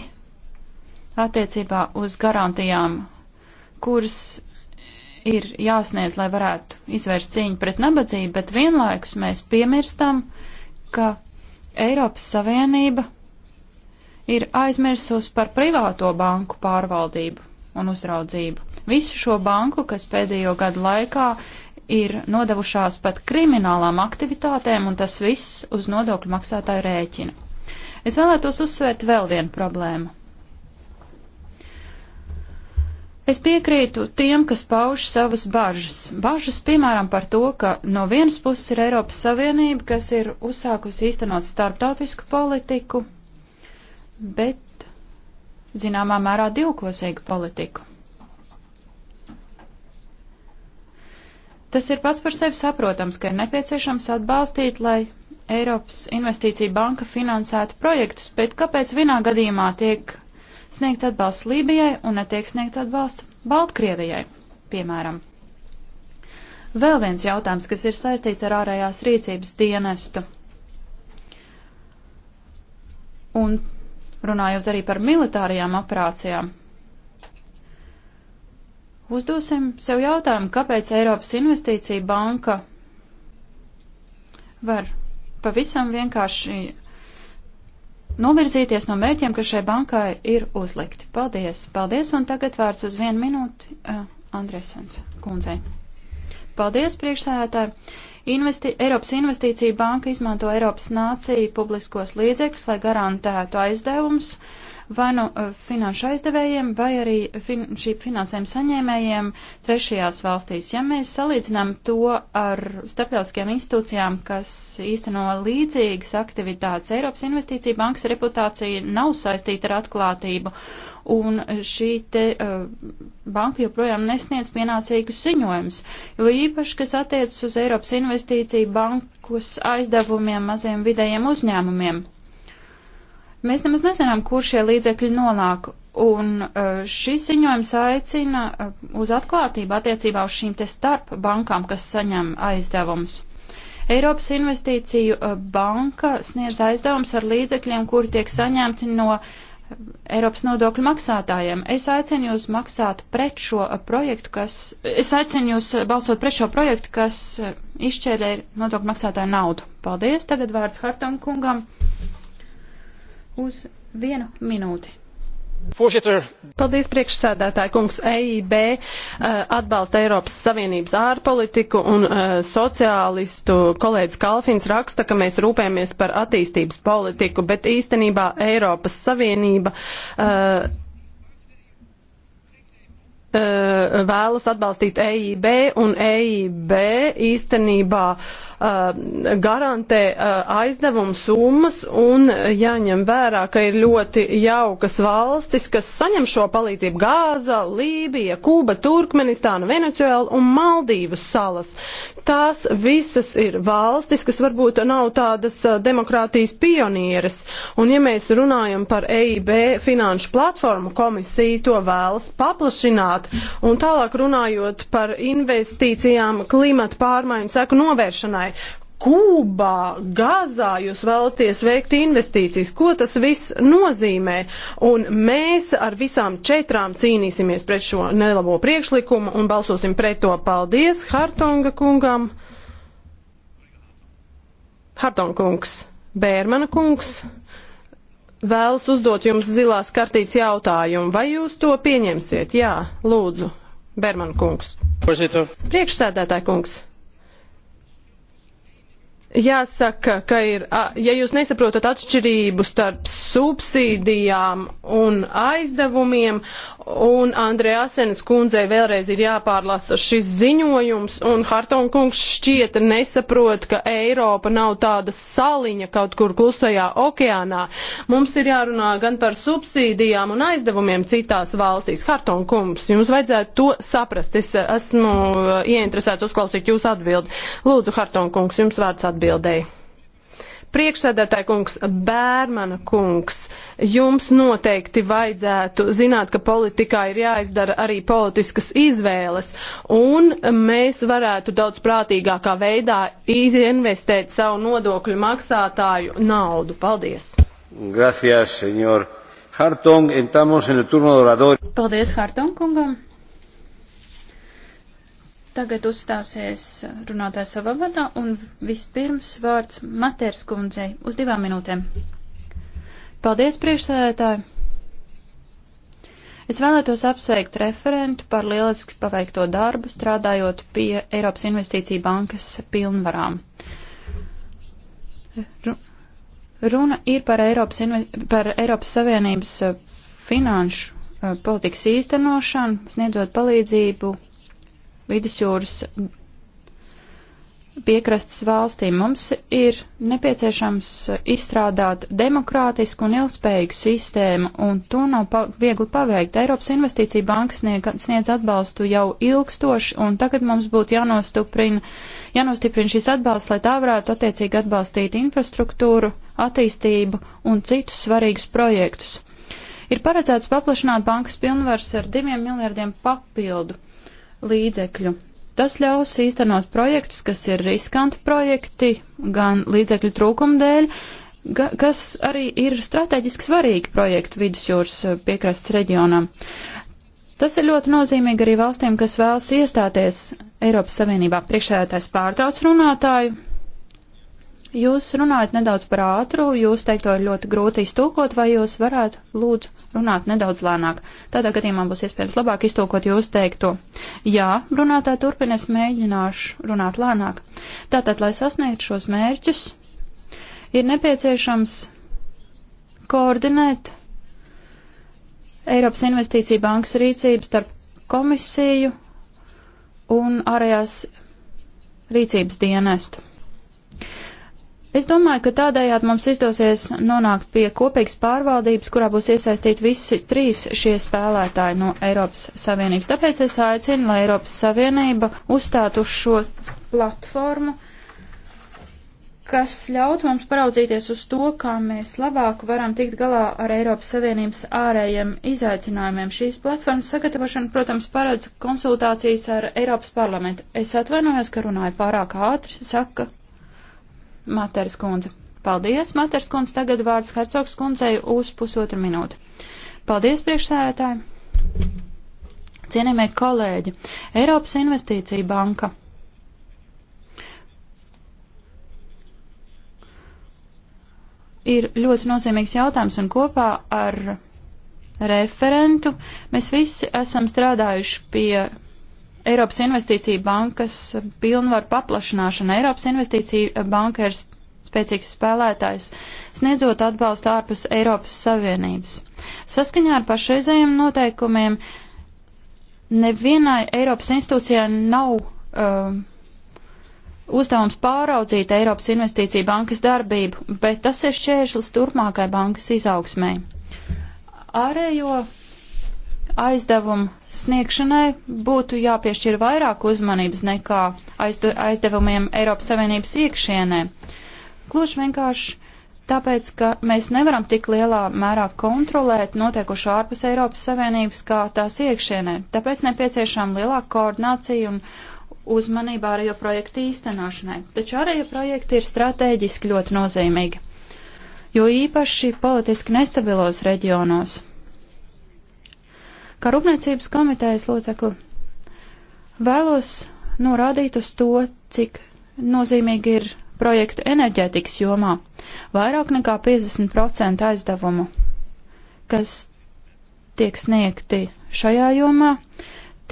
attiecībā uz garantijām, kuras ir jāsniedz, lai varētu izvērst cīņu pret nabadzību, bet vienlaikus mēs piemirstam, ka Eiropas Savienība ir aizmirsus par privāto banku pārvaldību un uzraudzību. Visu šo banku, kas pēdējo gadu laikā ir nodevušās pat kriminālām aktivitātēm, un tas viss uz nodokļu maksātāju rēķina. Es vēlētos uzsvērt vēl vienu problēmu. Es piekrītu tiem, kas pauž savas bažas. Bažas, piemēram, par to, ka no vienas puses ir Eiropas Savienība, kas ir uzsākusi īstenot starptautisku politiku, bet zināmā mērā divkosīgu politiku. Tas ir pats par sevi saprotams, ka ir nepieciešams atbalstīt, lai Eiropas investīcija banka finansētu projektus, bet kāpēc vienā gadījumā tiek sniegts atbalsts Lībijai un netiek sniegts atbalsts Baltkrievijai, piemēram? Vēl viens jautājums, kas ir saistīts ar ārējās rīcības dienestu. Un runājot arī par militārajām operācijām, Uzdosim sev jautājumu, kāpēc Eiropas Investīcija banka var pavisam vienkārši novirzīties no mērķiem, kas šai bankai ir uzlikti. Paldies! Paldies! Un tagad vārds uz vienu minūti uh, Andresens kundzei. Paldies, priekšsēdētāji! Investi Eiropas Investīcija banka izmanto Eiropas nāciju publiskos līdzekļus, lai garantētu aizdevumus. Uh, vai nu eh, finanšu aizdevējiem, vai arī fin šī finansējuma saņēmējiem trešajās valstīs. Ja mēs salīdzinām to ar starptautiskajām institūcijām, kas īsteno līdzīgas aktivitātes, Eiropas investīcija bankas reputācija nav saistīta ar atklātību, un šī te uh, banka joprojām nesniedz pienācīgus ziņojumus, jo īpaši, kas attiecas uz Eiropas investīciju bankas aizdevumiem maziem vidējiem uzņēmumiem. Mēs nemaz nezinām, kur šie līdzekļi nonāk, un uh, šis ziņojums aicina uh, uz atklātību attiecībā uz šīm te starp bankām, kas saņem aizdevumus. Eiropas investīciju uh, banka sniedz aizdevums ar līdzekļiem, kuri tiek saņemti no Eiropas nodokļu maksātājiem. Es aicinu jūs maksāt pret šo projektu, kas, es aicinu jūs balsot pret šo projektu, kas izšķēdē nodokļu maksātāju naudu. Paldies, tagad vārds Hartam kungam uz vienu minūti. Voorzitter. Paldies, priekšsēdētāji kungs. EIB uh, atbalsta Eiropas Savienības ārpolitiku un uh, sociālistu kolēģis Kalfins raksta, ka mēs rūpējamies par attīstības politiku, bet īstenībā Eiropas Savienība. Uh, uh vēlas atbalstīt EIB, un EIB īstenībā uh, Uh, garantē uh, aizdevumu summas un jāņem vērā, ka ir ļoti jaukas valstis, kas saņem šo palīdzību - Gāza, Lībija, Kuba, Turkmenistāna, Venecuēla un Maldīvas salas. Tās visas ir valstis, kas varbūt nav tādas uh, demokrātijas pionieres. Un ja mēs runājam par EIB finanšu platformu, komisija to vēlas paplašināt. Un tālāk runājot par investīcijām klimata pārmaiņu seku novēršanai, Vai Kūbā, Gazā jūs vēlaties veikt investīcijas, ko tas viss nozīmē, un mēs ar visām četrām cīnīsimies pret šo nelabo priekšlikumu un balsosim pret to. Paldies Hartonga kungam. Hartonga kungs, Bērmana kungs vēlas uzdot jums zilās kartītes jautājumu. Vai jūs to pieņemsiet? Jā, lūdzu, Bērmana kungs. Priekšsēdētāja kungs. Jāsaka, ka ir, ja jūs nesaprotat atšķirību starp subsīdijām un aizdevumiem Un Andrejāsenes kundzei vēlreiz ir jāpārlasa šis ziņojums, un Harton kungs šķiet nesaprot, ka Eiropa nav tāda saliņa kaut kur klusajā okeānā. Mums ir jārunā gan par subsīdijām un aizdevumiem citās valstīs. Harton kungs, jums vajadzētu to saprast. Es esmu uh, ieinteresēts uzklausīt jūsu atbildi. Lūdzu, Harton kungs, jums vārds atbildēji. Priekšsēdētāji kungs, Bērmana kungs, jums noteikti vajadzētu zināt, ka politikā ir jāizdara arī politiskas izvēles, un mēs varētu daudz prātīgākā veidā izinvestēt savu nodokļu maksātāju naudu. Paldies! Gracias, senor Hartong. Entramos en el turno de orador. Paldies, Hartong kungam. Tagad uzstāsies runātājs savā vadā un vispirms vārds Matērs kundzei uz divām minūtēm. Paldies, priekšsēdētāji! Es vēlētos apsveikt referentu par lieliski paveikto darbu, strādājot pie Eiropas Investīcija bankas pilnvarām. Runa ir par Eiropas, par Eiropas Savieniības eh, finanšu eh, politikas īstenošanu, sniedzot palīdzību vidusjūras piekrastes valstīm. Mums ir nepieciešams izstrādāt demokrātisku un ilgspējīgu sistēmu, un to nav pa viegli paveikt. Eiropas Investīcija banka sniedz atbalstu jau ilgstoši, un tagad mums būtu jānostiprina, jānostiprina šis atbalsts, lai tā varētu attiecīgi atbalstīt infrastruktūru, attīstību un citus svarīgus projektus. Ir paredzēts paplašināt bankas pilnvars ar diviem miljardiem papildu līdzekļu. Tas ļaus īstenot projektus, kas ir riskanti projekti, gan līdzekļu trūkuma dēļ, ga, kas arī ir strateģiski svarīgi projekti vidusjūras eh, piekrastes reģionam. Tas ir ļoti nozīmīgi arī valstīm, kas vēlas iestāties Eiropas Savienībā. Priekšsēdētājs pārtauc runātāju, Jūs runājat nedaudz par ātru, jūs teikto ir ļoti grūti iztūkot, vai jūs varētu lūdzu runāt nedaudz lēnāk. Tādā gadījumā būs iespējams labāk iztūkot jūs teikto. Jā, runātāji turpinies, mēģināšu runāt lēnāk. Tātad, lai sasniegtu šos mērķus, ir nepieciešams koordinēt Eiropas Investīcija bankas rīcības starp komisiju un ārējās rīcības dienestu. Es domāju, ka tādējādi mums izdosies nonākt pie kopīgas pārvaldības, kurā būs iesaistīti visi trīs šie spēlētāji no Eiropas Savienības. Tāpēc es aicinu, lai Eiropas Savienība uzstātu uz šo platformu, kas ļaut mums paraudzīties uz to, kā mēs labāk varam tikt galā ar Eiropas Savienības ārējiem izaicinājumiem. Šīs platformas sagatavošana, protams, paredz konsultācijas ar Eiropas parlamentu. Es atvainojos, ka runāju pārāk ātri, saka Materas kundze. Paldies, Materas kundze. Tagad vārds Hercogs kundzei uz pusotru minūti. Paldies, priekšsēdētāji. Cienījamie kolēģi, Eiropas Investīcija banka. Ir ļoti nozīmīgs jautājums un kopā ar referentu mēs visi esam strādājuši pie Eiropas Investīcija bankas pilnvaru paplašināšana. Eiropas Investīcija banka ir spēcīgs spēlētājs, sniedzot atbalstu ārpus Eiropas Savienības. Saskaņā ar pašreizējiem noteikumiem nevienai Eiropas institūcijai nav uh, uzdevums pāraudzīt Eiropas Investīcija bankas darbību, bet tas ir šķēršlis turpmākai bankas izaugsmai. Ārējo aizdevumu sniegšanai būtu jāpiešķir vairāk uzmanības nekā aizdu, aizdevumiem Eiropas Savienības iekšienē. Kluši vienkārši tāpēc, ka mēs nevaram tik lielā mērā kontrolēt notiekušo ārpus Eiropas Savienības kā tās iekšienē. Tāpēc nepieciešām lielāka koordinācija un uzmanība arī jau projektu īstenošanai. Taču arī jau projekti ir strateģiski ļoti nozīmīgi, jo īpaši politiski nestabilos reģionos. Kā Rūpniecības komitejas locekli vēlos norādīt uz to, cik nozīmīgi ir projektu enerģētikas jomā. Vairāk nekā 50% aizdevumu, kas tiek sniegti šajā jomā,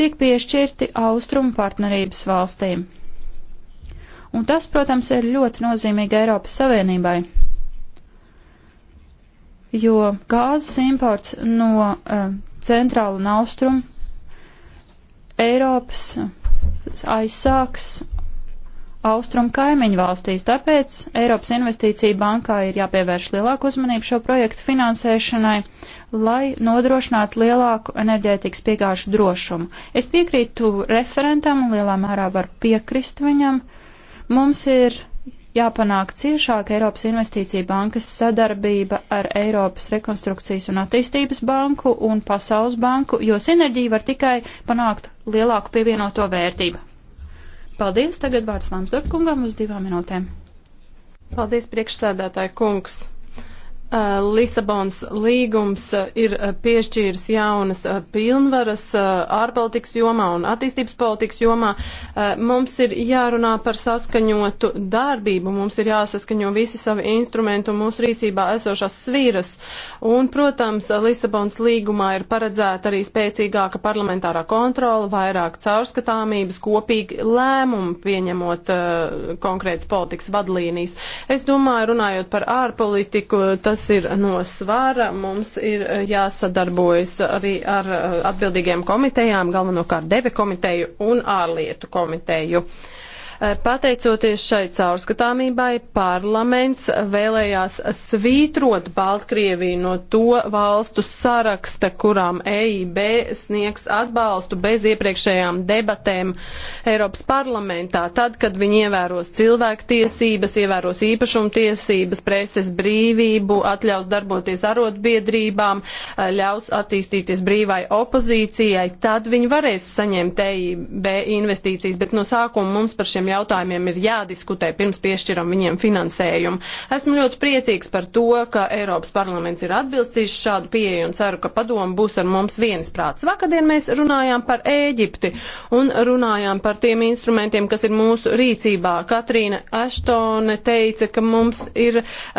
tiek piešķirti austrumu partnerības valstīm. Un tas, protams, ir ļoti nozīmīgi Eiropas Savienībai, jo gāzes imports no uh, centrāla un austrum Eiropas aizsāks austrum kaimiņu valstīs, tāpēc Eiropas investīcija bankā ir jāpievērš lielāku uzmanību šo projektu finansēšanai, lai nodrošinātu lielāku enerģētikas piegāžu drošumu. Es piekrītu referentam un lielā mērā varu piekrist viņam. Mums ir jāpanāk ciešāka Eiropas Investīcija bankas sadarbība ar Eiropas Rekonstrukcijas un attīstības banku un Pasaules banku, jo sinerģija var tikai panākt lielāku pievienoto vērtību. Paldies, tagad vārds Lamsdorp kungam uz divām minūtēm. Paldies, priekšsēdētāji kungs. Eh, Lisabons līgums eh, ir eh, piešķīris jaunas pilnvaras ārpolitikas jomā un attīstības politikas jomā. Mums ir jārunā par saskaņotu darbību, mums ir jāsaskaņo visi savi instrumenti un mūsu rīcībā esošās svīras. Un, protams, Lisabons līgumā ir paredzēta arī spēcīgāka parlamentārā kontrola, vairāk caurskatāmības, kopīgi lēmumu pieņemot konkrētas politikas vadlīnijas. Es domāju, runājot par ārpolitiku, tas kas ir no svara. Mums ir eh, jāsadarbojas arī ar eh, atbildīgiem komitejām, galvenokārt deve komiteju un ārlietu komiteju. Uh, Eh, pateicoties šai caurskatāmībai, parlaments vēlējās svītrot Baltkrieviju no to valstu saraksta, kurām EIB sniegs atbalstu bez iepriekšējām debatēm Eiropas parlamentā, tad, kad viņi ievēros cilvēktiesības, ievēros īpašumtiesības, preses brīvību, atļaus darboties arotbiedrībām, eh, ļaus attīstīties brīvai opozīcijai, tad viņi varēs saņemt EIB investīcijas, bet no sākuma mums par šiem šiem jautājumiem ir jādiskutē pirms piešķiram viņiem finansējumu. Esmu ļoti priecīgs par to, ka Eiropas parlaments ir atbilstījis šādu pieeju un ceru, ka padomu būs ar mums viensprāts. Vakardien mēs runājām par Ēģipti un runājām par tiem instrumentiem, kas ir mūsu rīcībā. Katrīna Aštone teica, ka mums ir uh,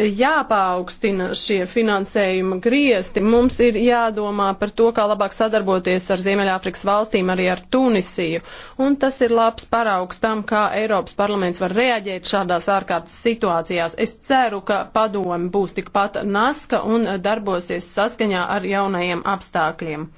jāpaukstina šie finansējuma griesti. Mums ir jādomā par to, kā labāk sadarboties ar Ziemeļāfrikas valstīm, arī ar Tunisiju. Un tas ir labs paraugs tam, redzam, kā Eiropas parlaments var reaģēt šādās ārkārtas situācijās. Es ceru, ka padomi būs tikpat naska un darbosies saskaņā ar jaunajiem apstākļiem.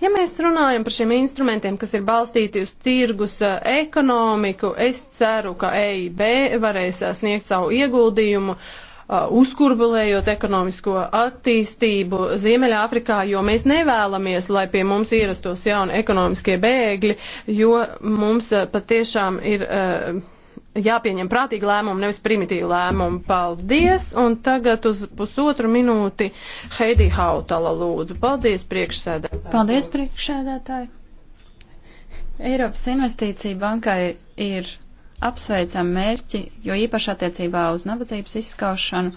Ja mēs runājam par šiem instrumentiem, kas ir balstīti uz tirgus eh, ekonomiku, es ceru, ka EIB varēs eh, sniegt savu ieguldījumu uh, Uh, uzkurbulējot ekonomisko attīstību Ziemeļāfrikā, jo mēs nevēlamies, lai pie mums ierastos jauni ekonomiskie bēgļi, jo mums uh, patiešām ir uh, jāpieņem prātīgi lēmumi, nevis primitīvi lēmumi. Paldies! Un tagad uz pusotru minūti Heidi Hautala lūdzu. Paldies, priekšsēdētāji! Paldies, priekšsēdētāji! Eiropas investīcija bankai ir apsveicam mērķi, jo īpaši attiecībā uz nabadzības izskaušanu.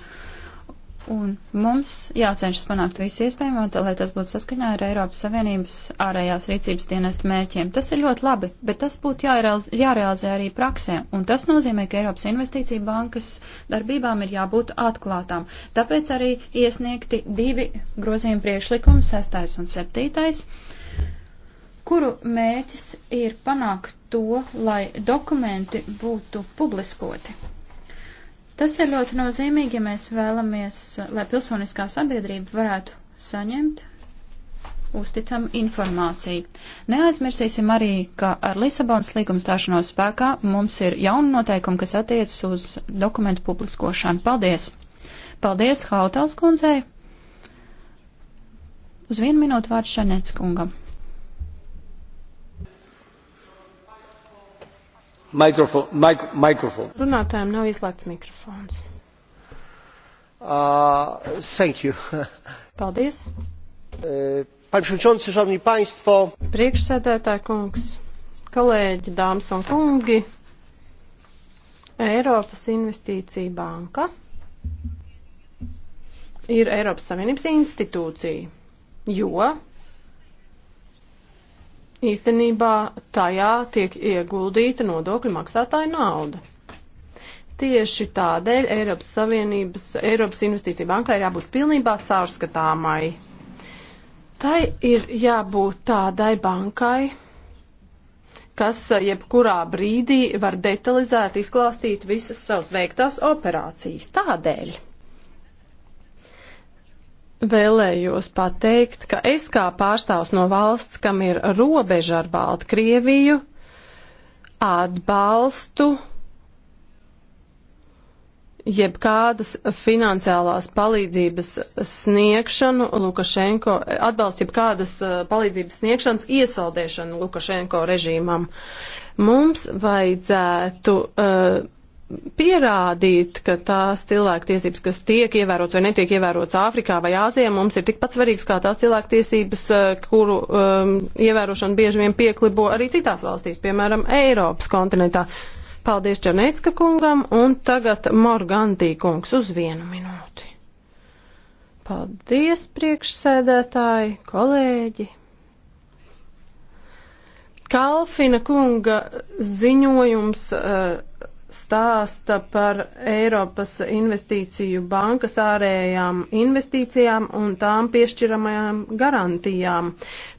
Un mums jācenšas panākt visu iespējamo, lai tas būtu saskaņā ar Eiropas Savienības ārējās rīcības dienestu mērķiem. Tas ir ļoti labi, bet tas būtu jārealiz, jārealizē arī praksē. Un tas nozīmē, ka Eiropas Investīcija bankas darbībām ir jābūt atklātām. Tāpēc arī iesniegti divi grozījuma priekšlikumi, sestais un septītais. Uh, kuru mēķis ir panākt to, lai dokumenti būtu publiskoti. Tas ir ļoti nozīmīgi, ja mēs vēlamies, lai pilsoniskā sabiedrība varētu saņemt uzticam informāciju. Neaizmirsīsim arī, ka ar Lisabonas līguma stāšanos spēkā mums ir jauna noteikuma, kas attiecas uz dokumentu publiskošanu. Paldies! Paldies Hautals kundzei! Uz vienu minūtu vārds Šanets kungam. Mikrofo, mik, mikrofon. Runātājiem nav ieslēgts mikrofons. Uh, thank you. Paldies. Uh, Panie Przewodniczący, Szanowni Państwo. Priekšsēdētāji kungs, kolēģi, dāmas un kungi, Eiropas investīcija banka ir Eiropas Savienības institūcija, jo īstenībā tajā tiek ieguldīta nodokļu maksātāja nauda. Tieši tādēļ Eiropas Savienības, Eiropas Investīcija bankai ir jābūt pilnībā caurskatāmai. Tai ir jābūt tādai bankai, kas jebkurā brīdī var detalizēt izklāstīt visas savas veiktās operācijas. Tādēļ vēlējos pateikt, ka es kā pārstāvs no valsts, kam ir robeža ar Baltkrieviju, atbalstu jebkādas finansiālās palīdzības sniegšanu Lukašenko, atbalstu jebkādas eh, palīdzības sniegšanas iesaldēšanu Lukašenko režīmam. Mums vajadzētu uh, pierādīt, ka tās cilvēktiesības, kas tiek ievērotas vai netiek ievērotas Āfrikā vai Āzijā, mums ir tikpat svarīgas kā tās cilvēktiesības, eh, kuru um, ievērošana bieži vien pieklibo arī citās valstīs, piemēram, Eiropas kontinentā. Paldies Černēcka kungam un tagad Morgantī kungs uz vienu minūti. Paldies priekšsēdētāji, kolēģi! Kalfina kunga ziņojums uh, stāsta par Eiropas investīciju bankas ārējām investīcijām un tām piešķiramajām garantijām.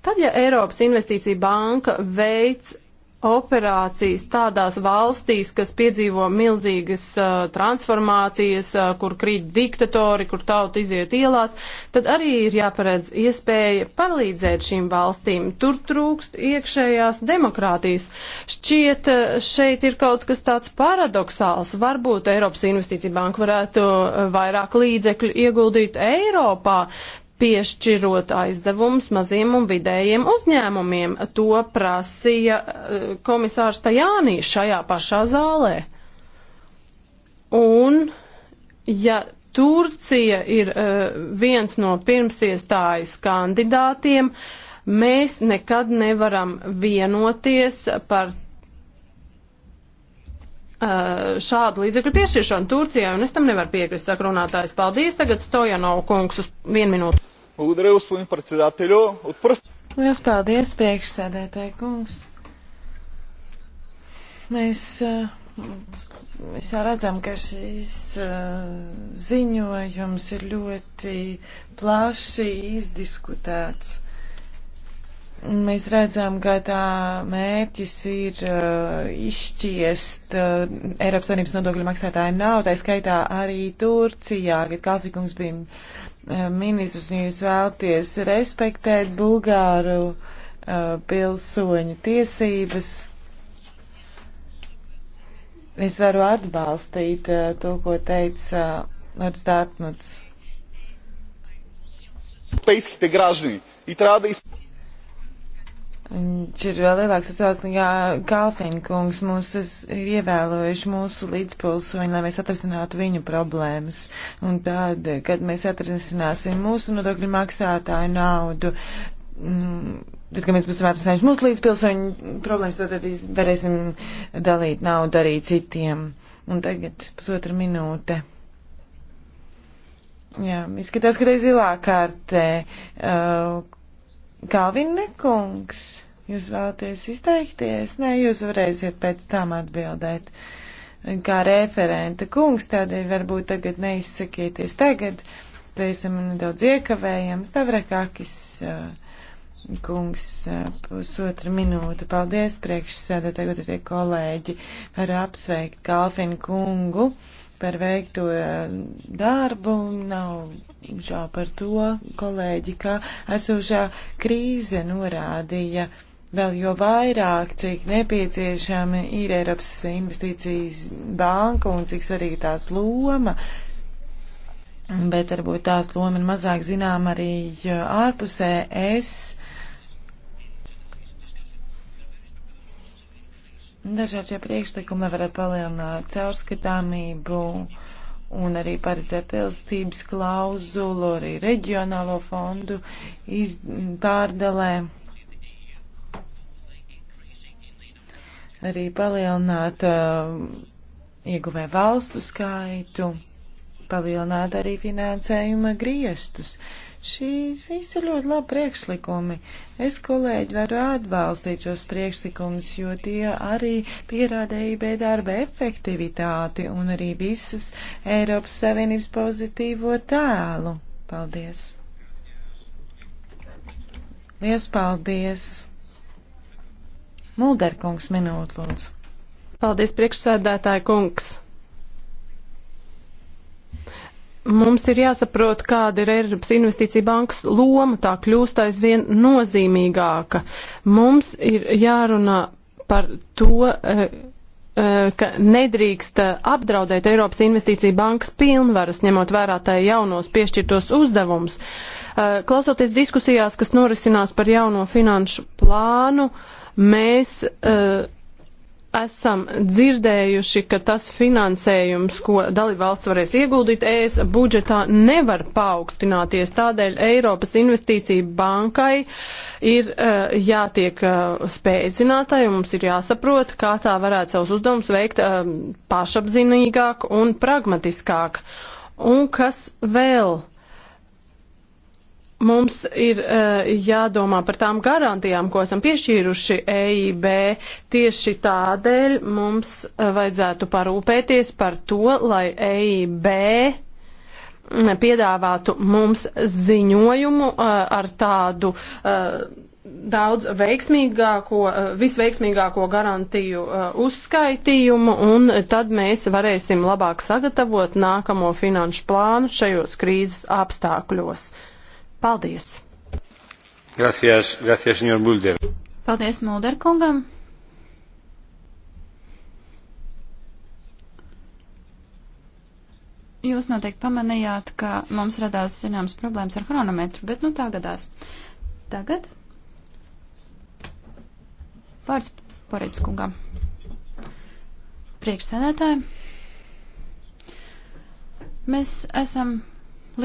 Tad, ja Eiropas investīcija banka veic operācijas tādās valstīs, kas piedzīvo milzīgas uh, transformācijas, uh, kur krīt diktatori, kur tauta iziet ielās, tad arī ir jāparedz iespēja palīdzēt šīm valstīm. Tur trūkst iekšējās demokrātijas. Šķiet, uh, šeit ir kaut kas tāds paradoxāls. Varbūt Eiropas Investīcija Banka varētu uh, vairāk līdzekļu ieguldīt Eiropā, piešķirot aizdevumus maziem un vidējiem uzņēmumiem. To prasīja eh, komisārs Tajānī šajā pašā zālē. Un, ja Turcija ir uh, viens no pirmsiestājas kandidātiem, mēs nekad nevaram vienoties par eh, šādu līdzekļu piešķiršanu Turcijai, un es tam nevaru piekrist, saka runātājs. Paldies, tagad Stojanov kungs uz vienu minūtu. Благодаря, господин председателю. От пръв... Liels paldies, priekšsēdētāji kungs. Mēs, mēs jau redzam, ka šis ziņojums ir ļoti plaši izdiskutēts. Mēs redzam, ka tā mērķis ir uh, izšķiest uh, Eiropas Savienības nodokļu maksātāju naudu, tā skaitā arī Turcijā, kad Kalfikungs bija Eh, ministrs, un jūs vēlties respektēt Bulgāru eh, pilsoņu tiesības. Es varu atbalstīt eh, to, ko teica Lārds Dārtmuts. Европейските граждани и трябва да изпълнят Viņš ir vēl lielāks atcēlis nekā Kalfinkungs. Mūs ir ievēlojuši mūsu līdzpilsoņi, lai mēs atrasinātu viņu problēmas. Un tad, kad mēs atrasināsim mūsu nodokļu maksātāju naudu, mm, tad, kad mēs būsim atrasinājuši mūsu līdzpilsoņu problēmas, tad arī varēsim dalīt naudu arī citiem. Un tagad pusotra minūte. Jā, izskatās, ka te zilā kārtē. Uh, Kalvina kungs, jūs vēlaties izteikties? Nē, jūs varēsiet pēc tam atbildēt. Kā referenta kungs, tādēļ varbūt tagad neizsakieties tagad. Te esam nedaudz iekavējams. Tavrakakis kungs, pusotra minūte. Paldies priekšsēdē, tagad tie kolēģi var apsveikt Kalfinu kungu par veikto eh, darbu. Nav žā par to, kolēģi, ka esošā krīze norādīja vēl jo vairāk, cik nepieciešama ir Eiropas investīcijas banka un cik svarīga tās loma. Bet varbūt tās loma ir mazāk zinām arī eh, ārpusē. Es Dažādi šie priekšlikumi varētu palielināt caurskatāmību un arī paredzēt elastības klauzulu, arī reģionālo fondu iz, pārdalē. Arī palielināt uh, ieguvē valstu skaitu, palielināt arī finansējuma griestus. Uh, Šīs visi ļoti labi priekšlikumi. Es, kolēģi, varu atbalstīt šos priekšlikumus, jo tie arī pierāda IB darba efektivitāti un arī visas Eiropas Savienības pozitīvo tēlu. Paldies! Lies paldies! Mulderkungs minūte, lūdzu. Paldies, priekšsēdētāja kungs! Mums ir jāsaprot, kāda ir Eiropas Investīcija bankas loma, tā kļūst aizvien nozīmīgāka. Mums ir jārunā par to, eh, eh, ka nedrīkst eh, apdraudēt Eiropas Investīcija bankas pilnvaras, ņemot vērā tai jaunos piešķirtos uzdevumus. Klausoties diskusijās, kas norisinās par jauno finanšu plānu, mēs uh, esam dzirdējuši, ka tas finansējums, ko dalībvalsts varēs ieguldīt ES budžetā, nevar paaugstināties. Tādēļ Eiropas investīcija bankai ir uh, jātiek uh, spēcinātai un mums ir jāsaprot, kā tā varētu savus uzdevumus veikt uh, eh, pašapzinīgāk un pragmatiskāk. Un kas vēl? Mums ir uh, jādomā par tām garantijām, ko esam piešķīruši EIB. Tieši tādēļ mums uh, vajadzētu parūpēties par to, lai EIB mm, piedāvātu mums ziņojumu uh, ar tādu. Uh, daudz veiksmīgāko, visveiksmīgāko garantiju uzskaitījumu, un tad mēs varēsim labāk sagatavot nākamo finanšu plānu šajos krīzes apstākļos. Paldies! Gracias, gracias, senor Mulder. Paldies Mulder kungam. Jūs noteikti pamanījāt, ka mums radās zināmas problēmas ar chronometru, bet nu tā gadās. Tagad vārds Porēdz kungam. Priekšsēdētāji, mēs esam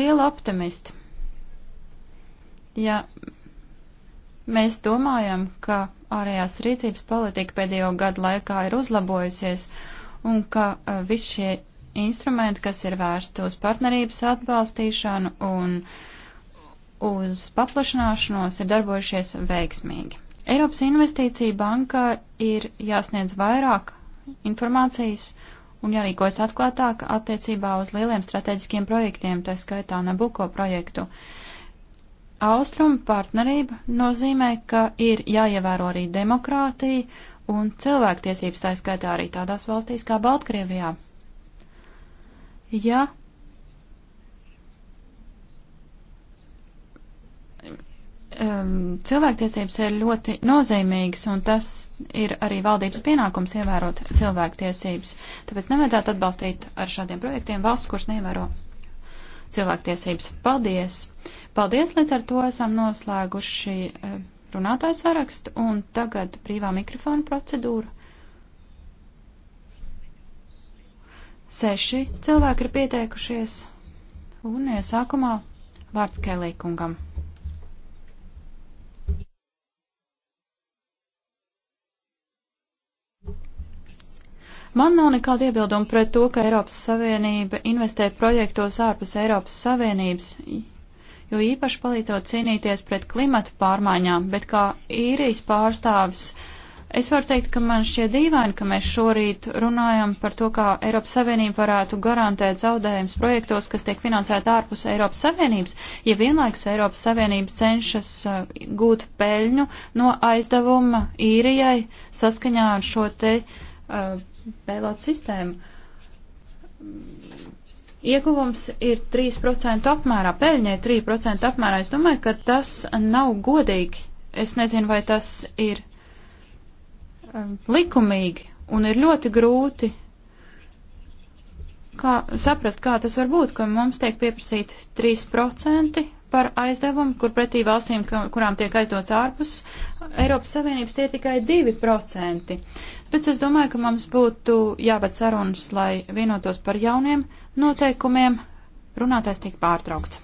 liela optimisti Ja mēs domājam, ka ārējās rīcības politika pēdējo gadu laikā ir uzlabojusies un ka uh, visi šie instrumenti, kas ir vērsti uz partnerības atbalstīšanu un uz paplašanāšanos, ir darbojušies veiksmīgi. Eiropas investīcija banka ir jāsniedz vairāk informācijas un jārīkojas atklātāk attiecībā uz lieliem strateģiskiem projektiem, tā skaitā Nabuko projektu. Uh, Austrumu partnerība nozīmē, ka ir jāievēro arī demokrātija un cilvēktiesības, tā skaitā arī tādās valstīs kā Baltkrievijā. Ja um, cilvēktiesības ir ļoti nozīmīgas, un tas ir arī valdības pienākums ievērot cilvēktiesības. Tāpēc nevajadzētu atbalstīt ar šādiem projektiem valsts, kuras neievēro cilvēktiesības. Paldies! Paldies, līdz ar to esam noslēguši eh, runātāju sarakstu un tagad brīvā mikrofona procedūra. Seši cilvēki ir pieteikušies un iesākumā vārds Kēlīkungam. Man nav nekāda iebilduma pret to, ka Eiropas Savienība investē projektos ārpus Eiropas Savienības, jo īpaši palīdzot cīnīties pret klimata pārmaiņām, bet kā īrijas pārstāvis, es varu teikt, ka man šķiet dīvaini, ka mēs šorīt runājam par to, kā Eiropas Savienība varētu garantēt zaudējums projektos, kas tiek finansēti ārpus Eiropas Savienības, ja vienlaikus Eiropas Savienība cenšas uh, gūt peļņu no aizdevuma īrijai saskaņā ar šo te uh, bailout sistēmu. Ieguvums ir 3% apmērā, peļņai 3% apmērā. Es domāju, ka tas nav godīgi. Es nezinu, vai tas ir um, likumīgi un ir ļoti grūti kā, saprast, kā tas var būt, ka mums tiek pieprasīti 3% par aizdevumu, kur pretī valstīm, kurām tiek aizdots ārpus Eiropas Savienības, tie ir tikai 2%. Bet es domāju, ka mums būtu jāved sarunas, lai vienotos par jauniem noteikumiem. Runātājs tiek pārtraukts.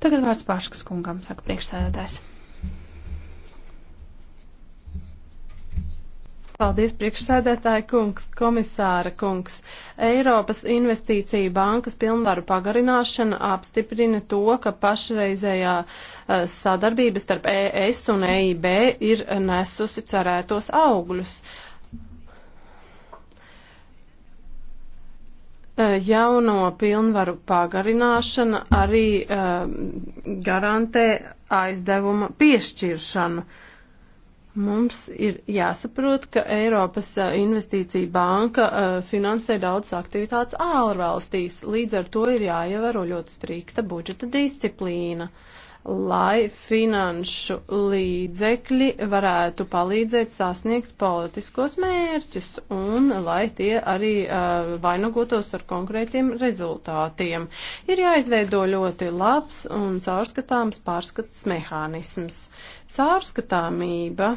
Tagad vārds Paškas kungam, saka priekšsēdētājs. Paldies, priekšsēdētāji kungs, komisāra kungs. Eiropas investīcija bankas pilnvaru pagarināšana apstiprina to, ka pašreizējā eh, sadarbības starp ES un EIB ir nesusi cerētos augļus. Eh, jauno pilnvaru pagarināšana arī eh, garantē aizdevuma piešķiršanu. Uh, Mums ir jāsaprot, ka Eiropas investīcija banka finansē daudzas aktivitātes ārvalstīs, līdz ar to ir jāievēro ļoti strikta budžeta disciplīna lai finanšu līdzekļi varētu palīdzēt sasniegt politiskos mērķus un lai tie arī uh, vainagotos ar konkrētiem rezultātiem. Ir jāizveido ļoti labs un caurskatāms pārskats mehānisms. Caurskatāmība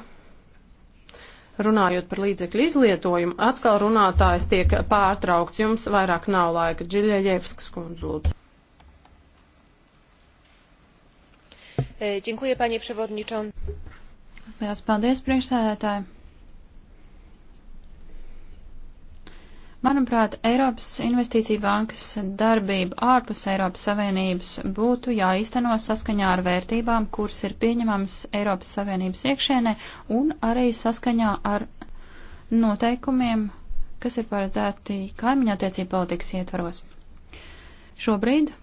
runājot par līdzekļu izlietojumu, atkal runātājs tiek pārtraukts. Jums vairāk nav laika. Džiļa Jevskas kundze lūdzu. E, dziękuję, panie przewodniczący. Liels paldies, priekšsēdētāji. Manuprāt, Eiropas Investīcija bankas darbība ārpus Eiropas Savienības būtu jāīsteno saskaņā ar vērtībām, kuras ir pieņemamas Eiropas Savienības iekšēnē un arī saskaņā ar noteikumiem, kas ir paredzēti kaimiņa attiecību politikas ietvaros. Šobrīd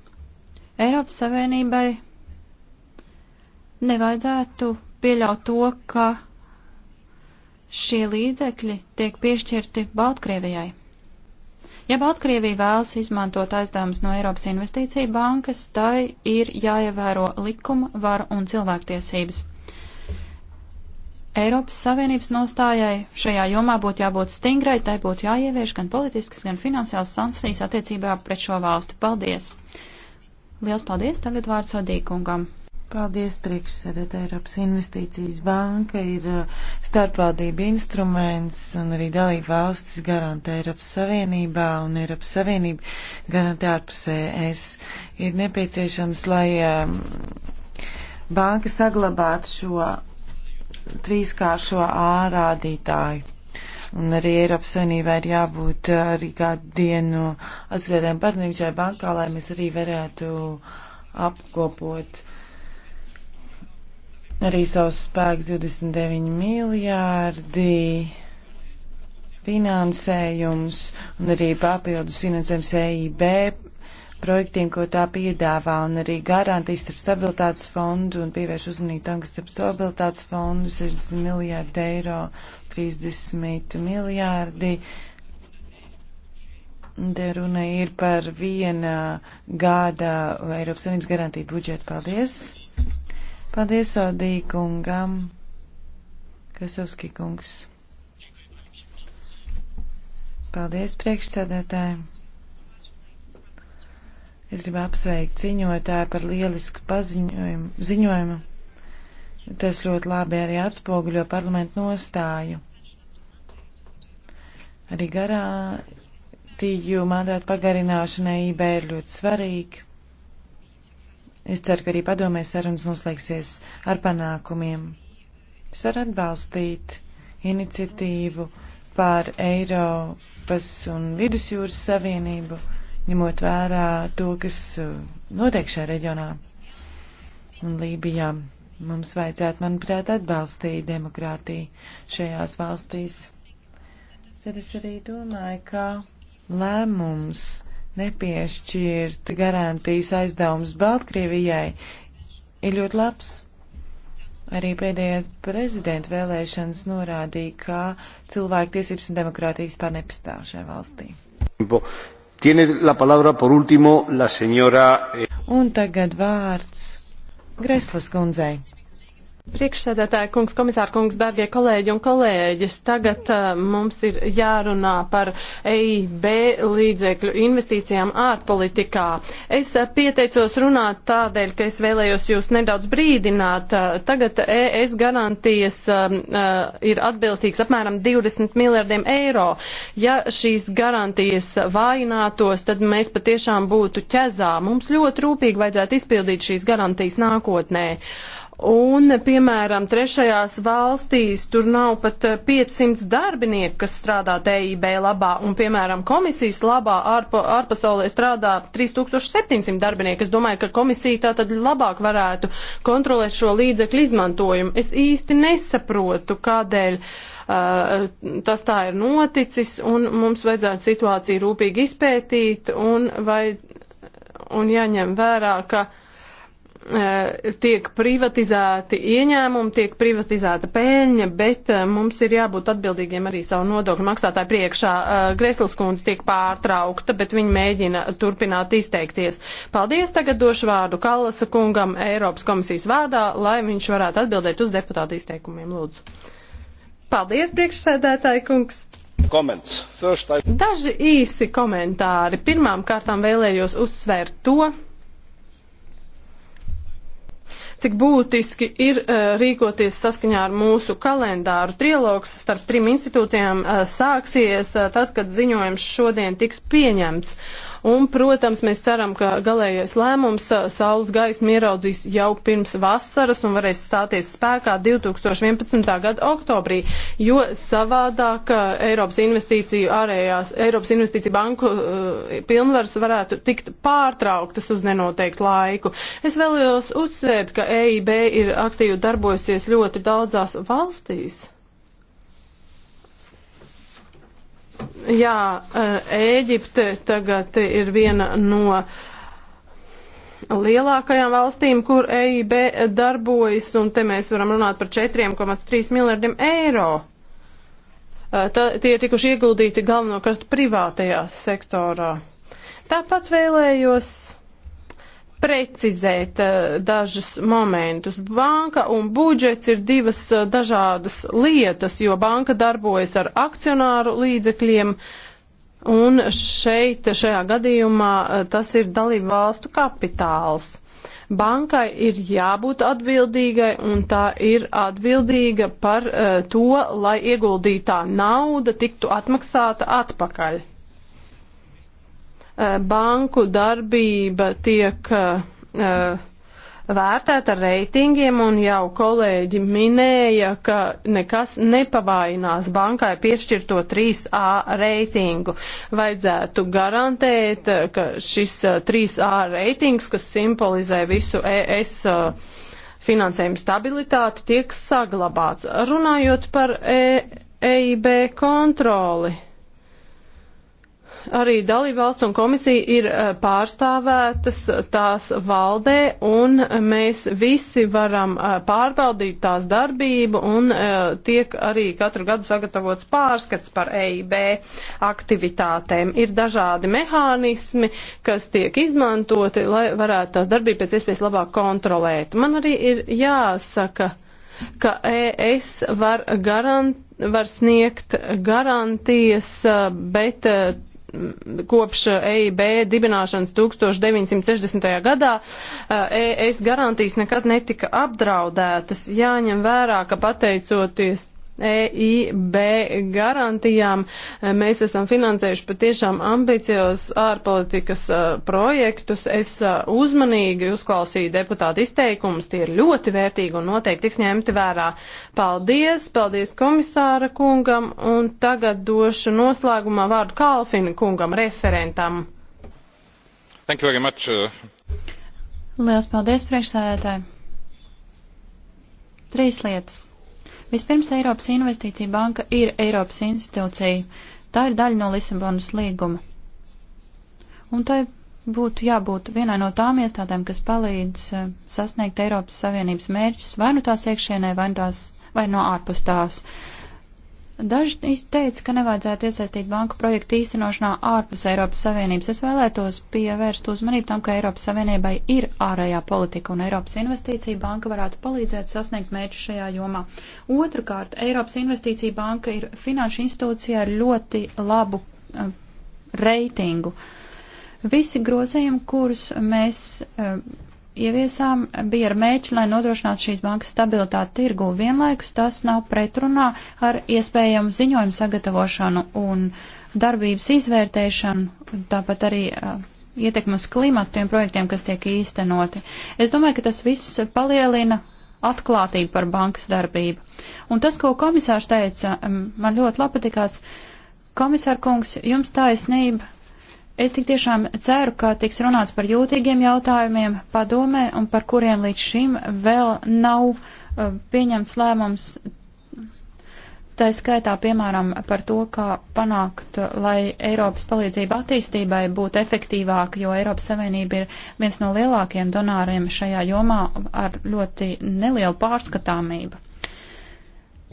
Eiropas Savienībai nevajadzētu pieļaut to, ka šie līdzekļi tiek piešķirti Baltkrievijai. Ja Baltkrievija vēlas izmantot aizdevumus no Eiropas investīcija bankas, tai ir jāievēro likuma, vara un cilvēktiesības. Eiropas Savienības nostājai šajā jomā būtu jābūt stingrai, tai būtu jāievieš gan politiskas, gan finansiālas sankcijas attiecībā pret šo valsti. Paldies! Liels paldies! Tagad vārds Odīkungam. Paldies, priekšsēdētāji. Eiropas investīcijas banka ir uh, starpvaldība instruments un arī dalība valstis garantē Eiropas Savienībā un Eiropas Savienība garantē ārpus ES. Ir nepieciešams, lai um, banka saglabātu šo trīskāršo A rādītāju. Un arī Eiropas Savienībā ir jābūt uh, arī kādu dienu atcerētiem partneriem šai bankā, lai mēs arī varētu apkopot arī savus spēkus 29 miljārdi finansējums un arī papildus finansējums EIB projektiem, ko tā piedāvā, un arī garantijas starp stabilitātes fondu un pievērš uzmanību tam, ka starp stabilitātes fondu 60 miljārdi eiro, 30 miljārdi. Te runa ir par viena gada Eiropas Savienības garantiju budžetu. Paldies! Paldies Odīkungam, Kasovski kungs. Paldies priekšsēdētājiem. Es gribu apsveikt ziņotāju par lielisku paziņojumu. Ziņojumu. Tas ļoti labi arī atspoguļo parlamentu nostāju. Arī garātīju mandātu pagarināšanai IB ir ļoti svarīgi. Es ceru, ka arī padomē sarunas noslēgsies ar panākumiem. Es varu atbalstīt iniciatīvu par Eiropas un Vidusjūras Savienību, ņemot vērā to, kas uh, notiek šajā reģionā un Lībijā. Mums vajadzētu, manuprāt, atbalstīt demokrātiju šajās valstīs. Tad es arī domāju, ka lēmums nepiešķirt garantijas aizdevums Baltkrievijai, ir ļoti labs. Arī pēdējās prezidenta vēlēšanas norādīja, ka cilvēku tiesības un demokrātijas pār nepastāv šajā valstī. Último, señora... Eh, un tagad vārds Greslas kundzei. Priekšsēdētāja kungs, komisāra kungs, darbie kolēģi un kolēģis, tagad uh, mums ir jārunā par EIB līdzekļu investīcijām ārpolitikā. Es uh, pieteicos runāt tādēļ, ka es vēlējos jūs nedaudz brīdināt. Uh, tagad ES garantijas uh, uh, ir atbilstīgs apmēram 20 miljardiem eiro. Ja šīs garantijas vājinātos, tad mēs patiešām būtu ķezā. Mums ļoti rūpīgi vajadzētu izpildīt šīs garantijas nākotnē. Uh, Un, piemēram, trešajās valstīs tur nav pat 500 eh, darbinieku, kas strādā TIB labā, un, piemēram, komisijas labā ārpa, ārpasaulē strādā 3700 darbinieku. Es domāju, ka komisija tā tad labāk varētu kontrolēt šo līdzekļu izmantojumu. Es īsti nesaprotu, kādēļ. Uh, tas tā ir noticis, un mums vajadzētu situāciju rūpīgi izpētīt, un, vai, un jāņem vērā, ka uh, Eh, tiek privatizēti ieņēmumi, tiek privatizēta pēļņa, bet eh, mums ir jābūt atbildīgiem arī savu nodokļu maksātāju priekšā. Eh, Gresls kundze tiek pārtraukta, bet viņa mēģina turpināt izteikties. Paldies, tagad došu vārdu Kallasa kungam Eiropas komisijas vārdā, lai viņš varētu atbildēt uz deputātu izteikumiem, lūdzu. Paldies, priekšsēdētāji kungs! Daži īsi komentāri. Pirmām kārtām vēlējos uzsvērt to, cik būtiski ir uh, rīkoties saskaņā ar mūsu kalendāru. Trialogs starp trim institūcijām uh, sāksies uh, tad, kad ziņojums šodien tiks pieņemts. Un, protams, mēs ceram, ka galējais lēmums saules gaismu ieraudzīs jau pirms vasaras un varēs stāties spēkā 2011. gada oktobrī, jo savādāk Eiropas investīciju ārējās, Eiropas investīciju banku uh, pilnvaras varētu tikt pārtrauktas uz nenoteiktu laiku. Es vēlos uzsvērt, ka EIB ir aktīvi darbojusies ļoti daudzās valstīs. Jā, e, Ēģipte tagad ir viena no lielākajām valstīm, kur EIB darbojas, un te mēs varam runāt par 4,3 miljardiem eiro. E, tā, tie ir tikuši ieguldīti galvenokārt privātajā sektorā. Tāpat vēlējos precizēt uh, dažus momentus. Banka un budžets ir divas uh, dažādas lietas, jo banka darbojas ar akcionāru līdzekļiem, un šeit, šajā gadījumā, uh, tas ir dalību valstu kapitāls. Bankai ir jābūt atbildīgai, un tā ir atbildīga par uh, to, lai ieguldītā nauda tiktu atmaksāta atpakaļ. Eh, banku darbība tiek eh, eh, vērtēta ar reitingiem, un jau kolēģi minēja, ka nekas nepavainās bankai piešķirto 3A reitingu. Vajadzētu garantēt, ka šis 3A reitings, kas simbolizē visu ES finansējumu stabilitāti, tiek saglabāts. Runājot par e EIB kontroli arī dalībvalsts un komisija ir eh, pārstāvētas tās valdē, un mēs visi varam eh, pārbaudīt tās darbību, un eh, tiek arī katru gadu sagatavots pārskats par EIB aktivitātēm. Ir dažādi mehānismi, kas tiek izmantoti, lai varētu tās darbību pēc iespējas labāk kontrolēt. Man arī ir jāsaka, ka ES var garantēt var sniegt garantijas, bet kopš EIB eh, e dibināšanas 1960. gadā ES eh, e garantijas nekad netika apdraudētas. Jāņem vērā, ka pateicoties EIB garantijām. Mēs esam finansējuši patiešām ambiciozus ārpolitikas projektus. Es uzmanīgi uzklausīju deputātu izteikumus, tie ir ļoti vērtīgi un noteikti tiks ņemti vērā. Paldies, paldies komisāra kungam un tagad došu noslēgumā vārdu Kalfina kungam, referentam. Thank you very much. Uh, Liels paldies priekšsēdētāji. Trīs lietas. Vispirms Eiropas Investīcija banka ir Eiropas institūcija. Tā ir daļa no Lisabonas līguma. Un tai būtu jābūt vienai no tām iestādēm, kas palīdz eh, sasniegt Eiropas Savienības mērķus vai nu tās iekšienē, vai, nu tās, vai no ārpus tās. Uh, Daži teica, ka nevajadzētu iesaistīt banku projektu īstenošanā ārpus Eiropas Savienības. Es vēlētos pievērst uzmanību tam, ka Eiropas Savienībai ir ārējā politika un Eiropas Investīcija banka varētu palīdzēt sasniegt mērķu šajā jomā. Otrakārt, Eiropas Investīcija banka ir finanšu institūcija ar ļoti labu uh, reitingu. Visi grozējumi, kurus mēs uh, ieviesām, bija ar mēķi, lai nodrošinātu šīs bankas stabilitāti tirgu. Vienlaikus tas nav pretrunā ar iespējamu ziņojumu sagatavošanu un darbības izvērtēšanu, tāpat arī uh, ietekmi uz klimatu tiem projektiem, kas tiek īstenoti. Es domāju, ka tas viss palielina atklātību par bankas darbību. Un tas, ko komisārs teica, um, man ļoti patikās. Komisār kungs, jums taisnība, Es tik tiešām ceru, ka tiks runāts par jūtīgiem jautājumiem padomē un par kuriem līdz šim vēl nav uh, pieņemts lēmums. Tā skaitā, piemēram, par to, kā panākt, uh, lai Eiropas palīdzība attīstībai būtu efektīvāka, jo Eiropas Savienība ir viens no lielākajiem donāriem šajā jomā ar ļoti nelielu pārskatāmību.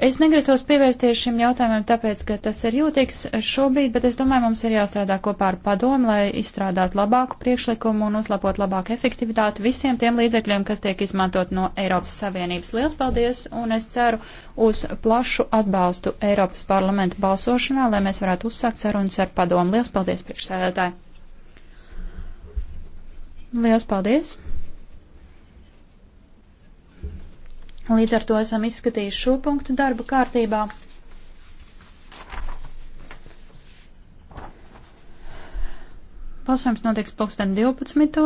Es negrasos pievērsties šim jautājumam, tāpēc, ka tas ir jūtīgs šobrīd, bet es domāju, mums ir jāstrādā kopā ar padomu, lai izstrādātu labāku priekšlikumu un uzlabotu labāku efektivitāti visiem tiem līdzekļiem, kas tiek izmantot no Eiropas Savienības. Liels paldies, un es ceru uz plašu atbalstu Eiropas parlamenta balsošanā, lai mēs varētu uzsākt sarunas ar padomu. Liels paldies, priekšsēdētāji! Liels paldies! Līdz ar to esam izskatījuši šo punktu darba kārtībā. Balsojums notiks pulksten 12.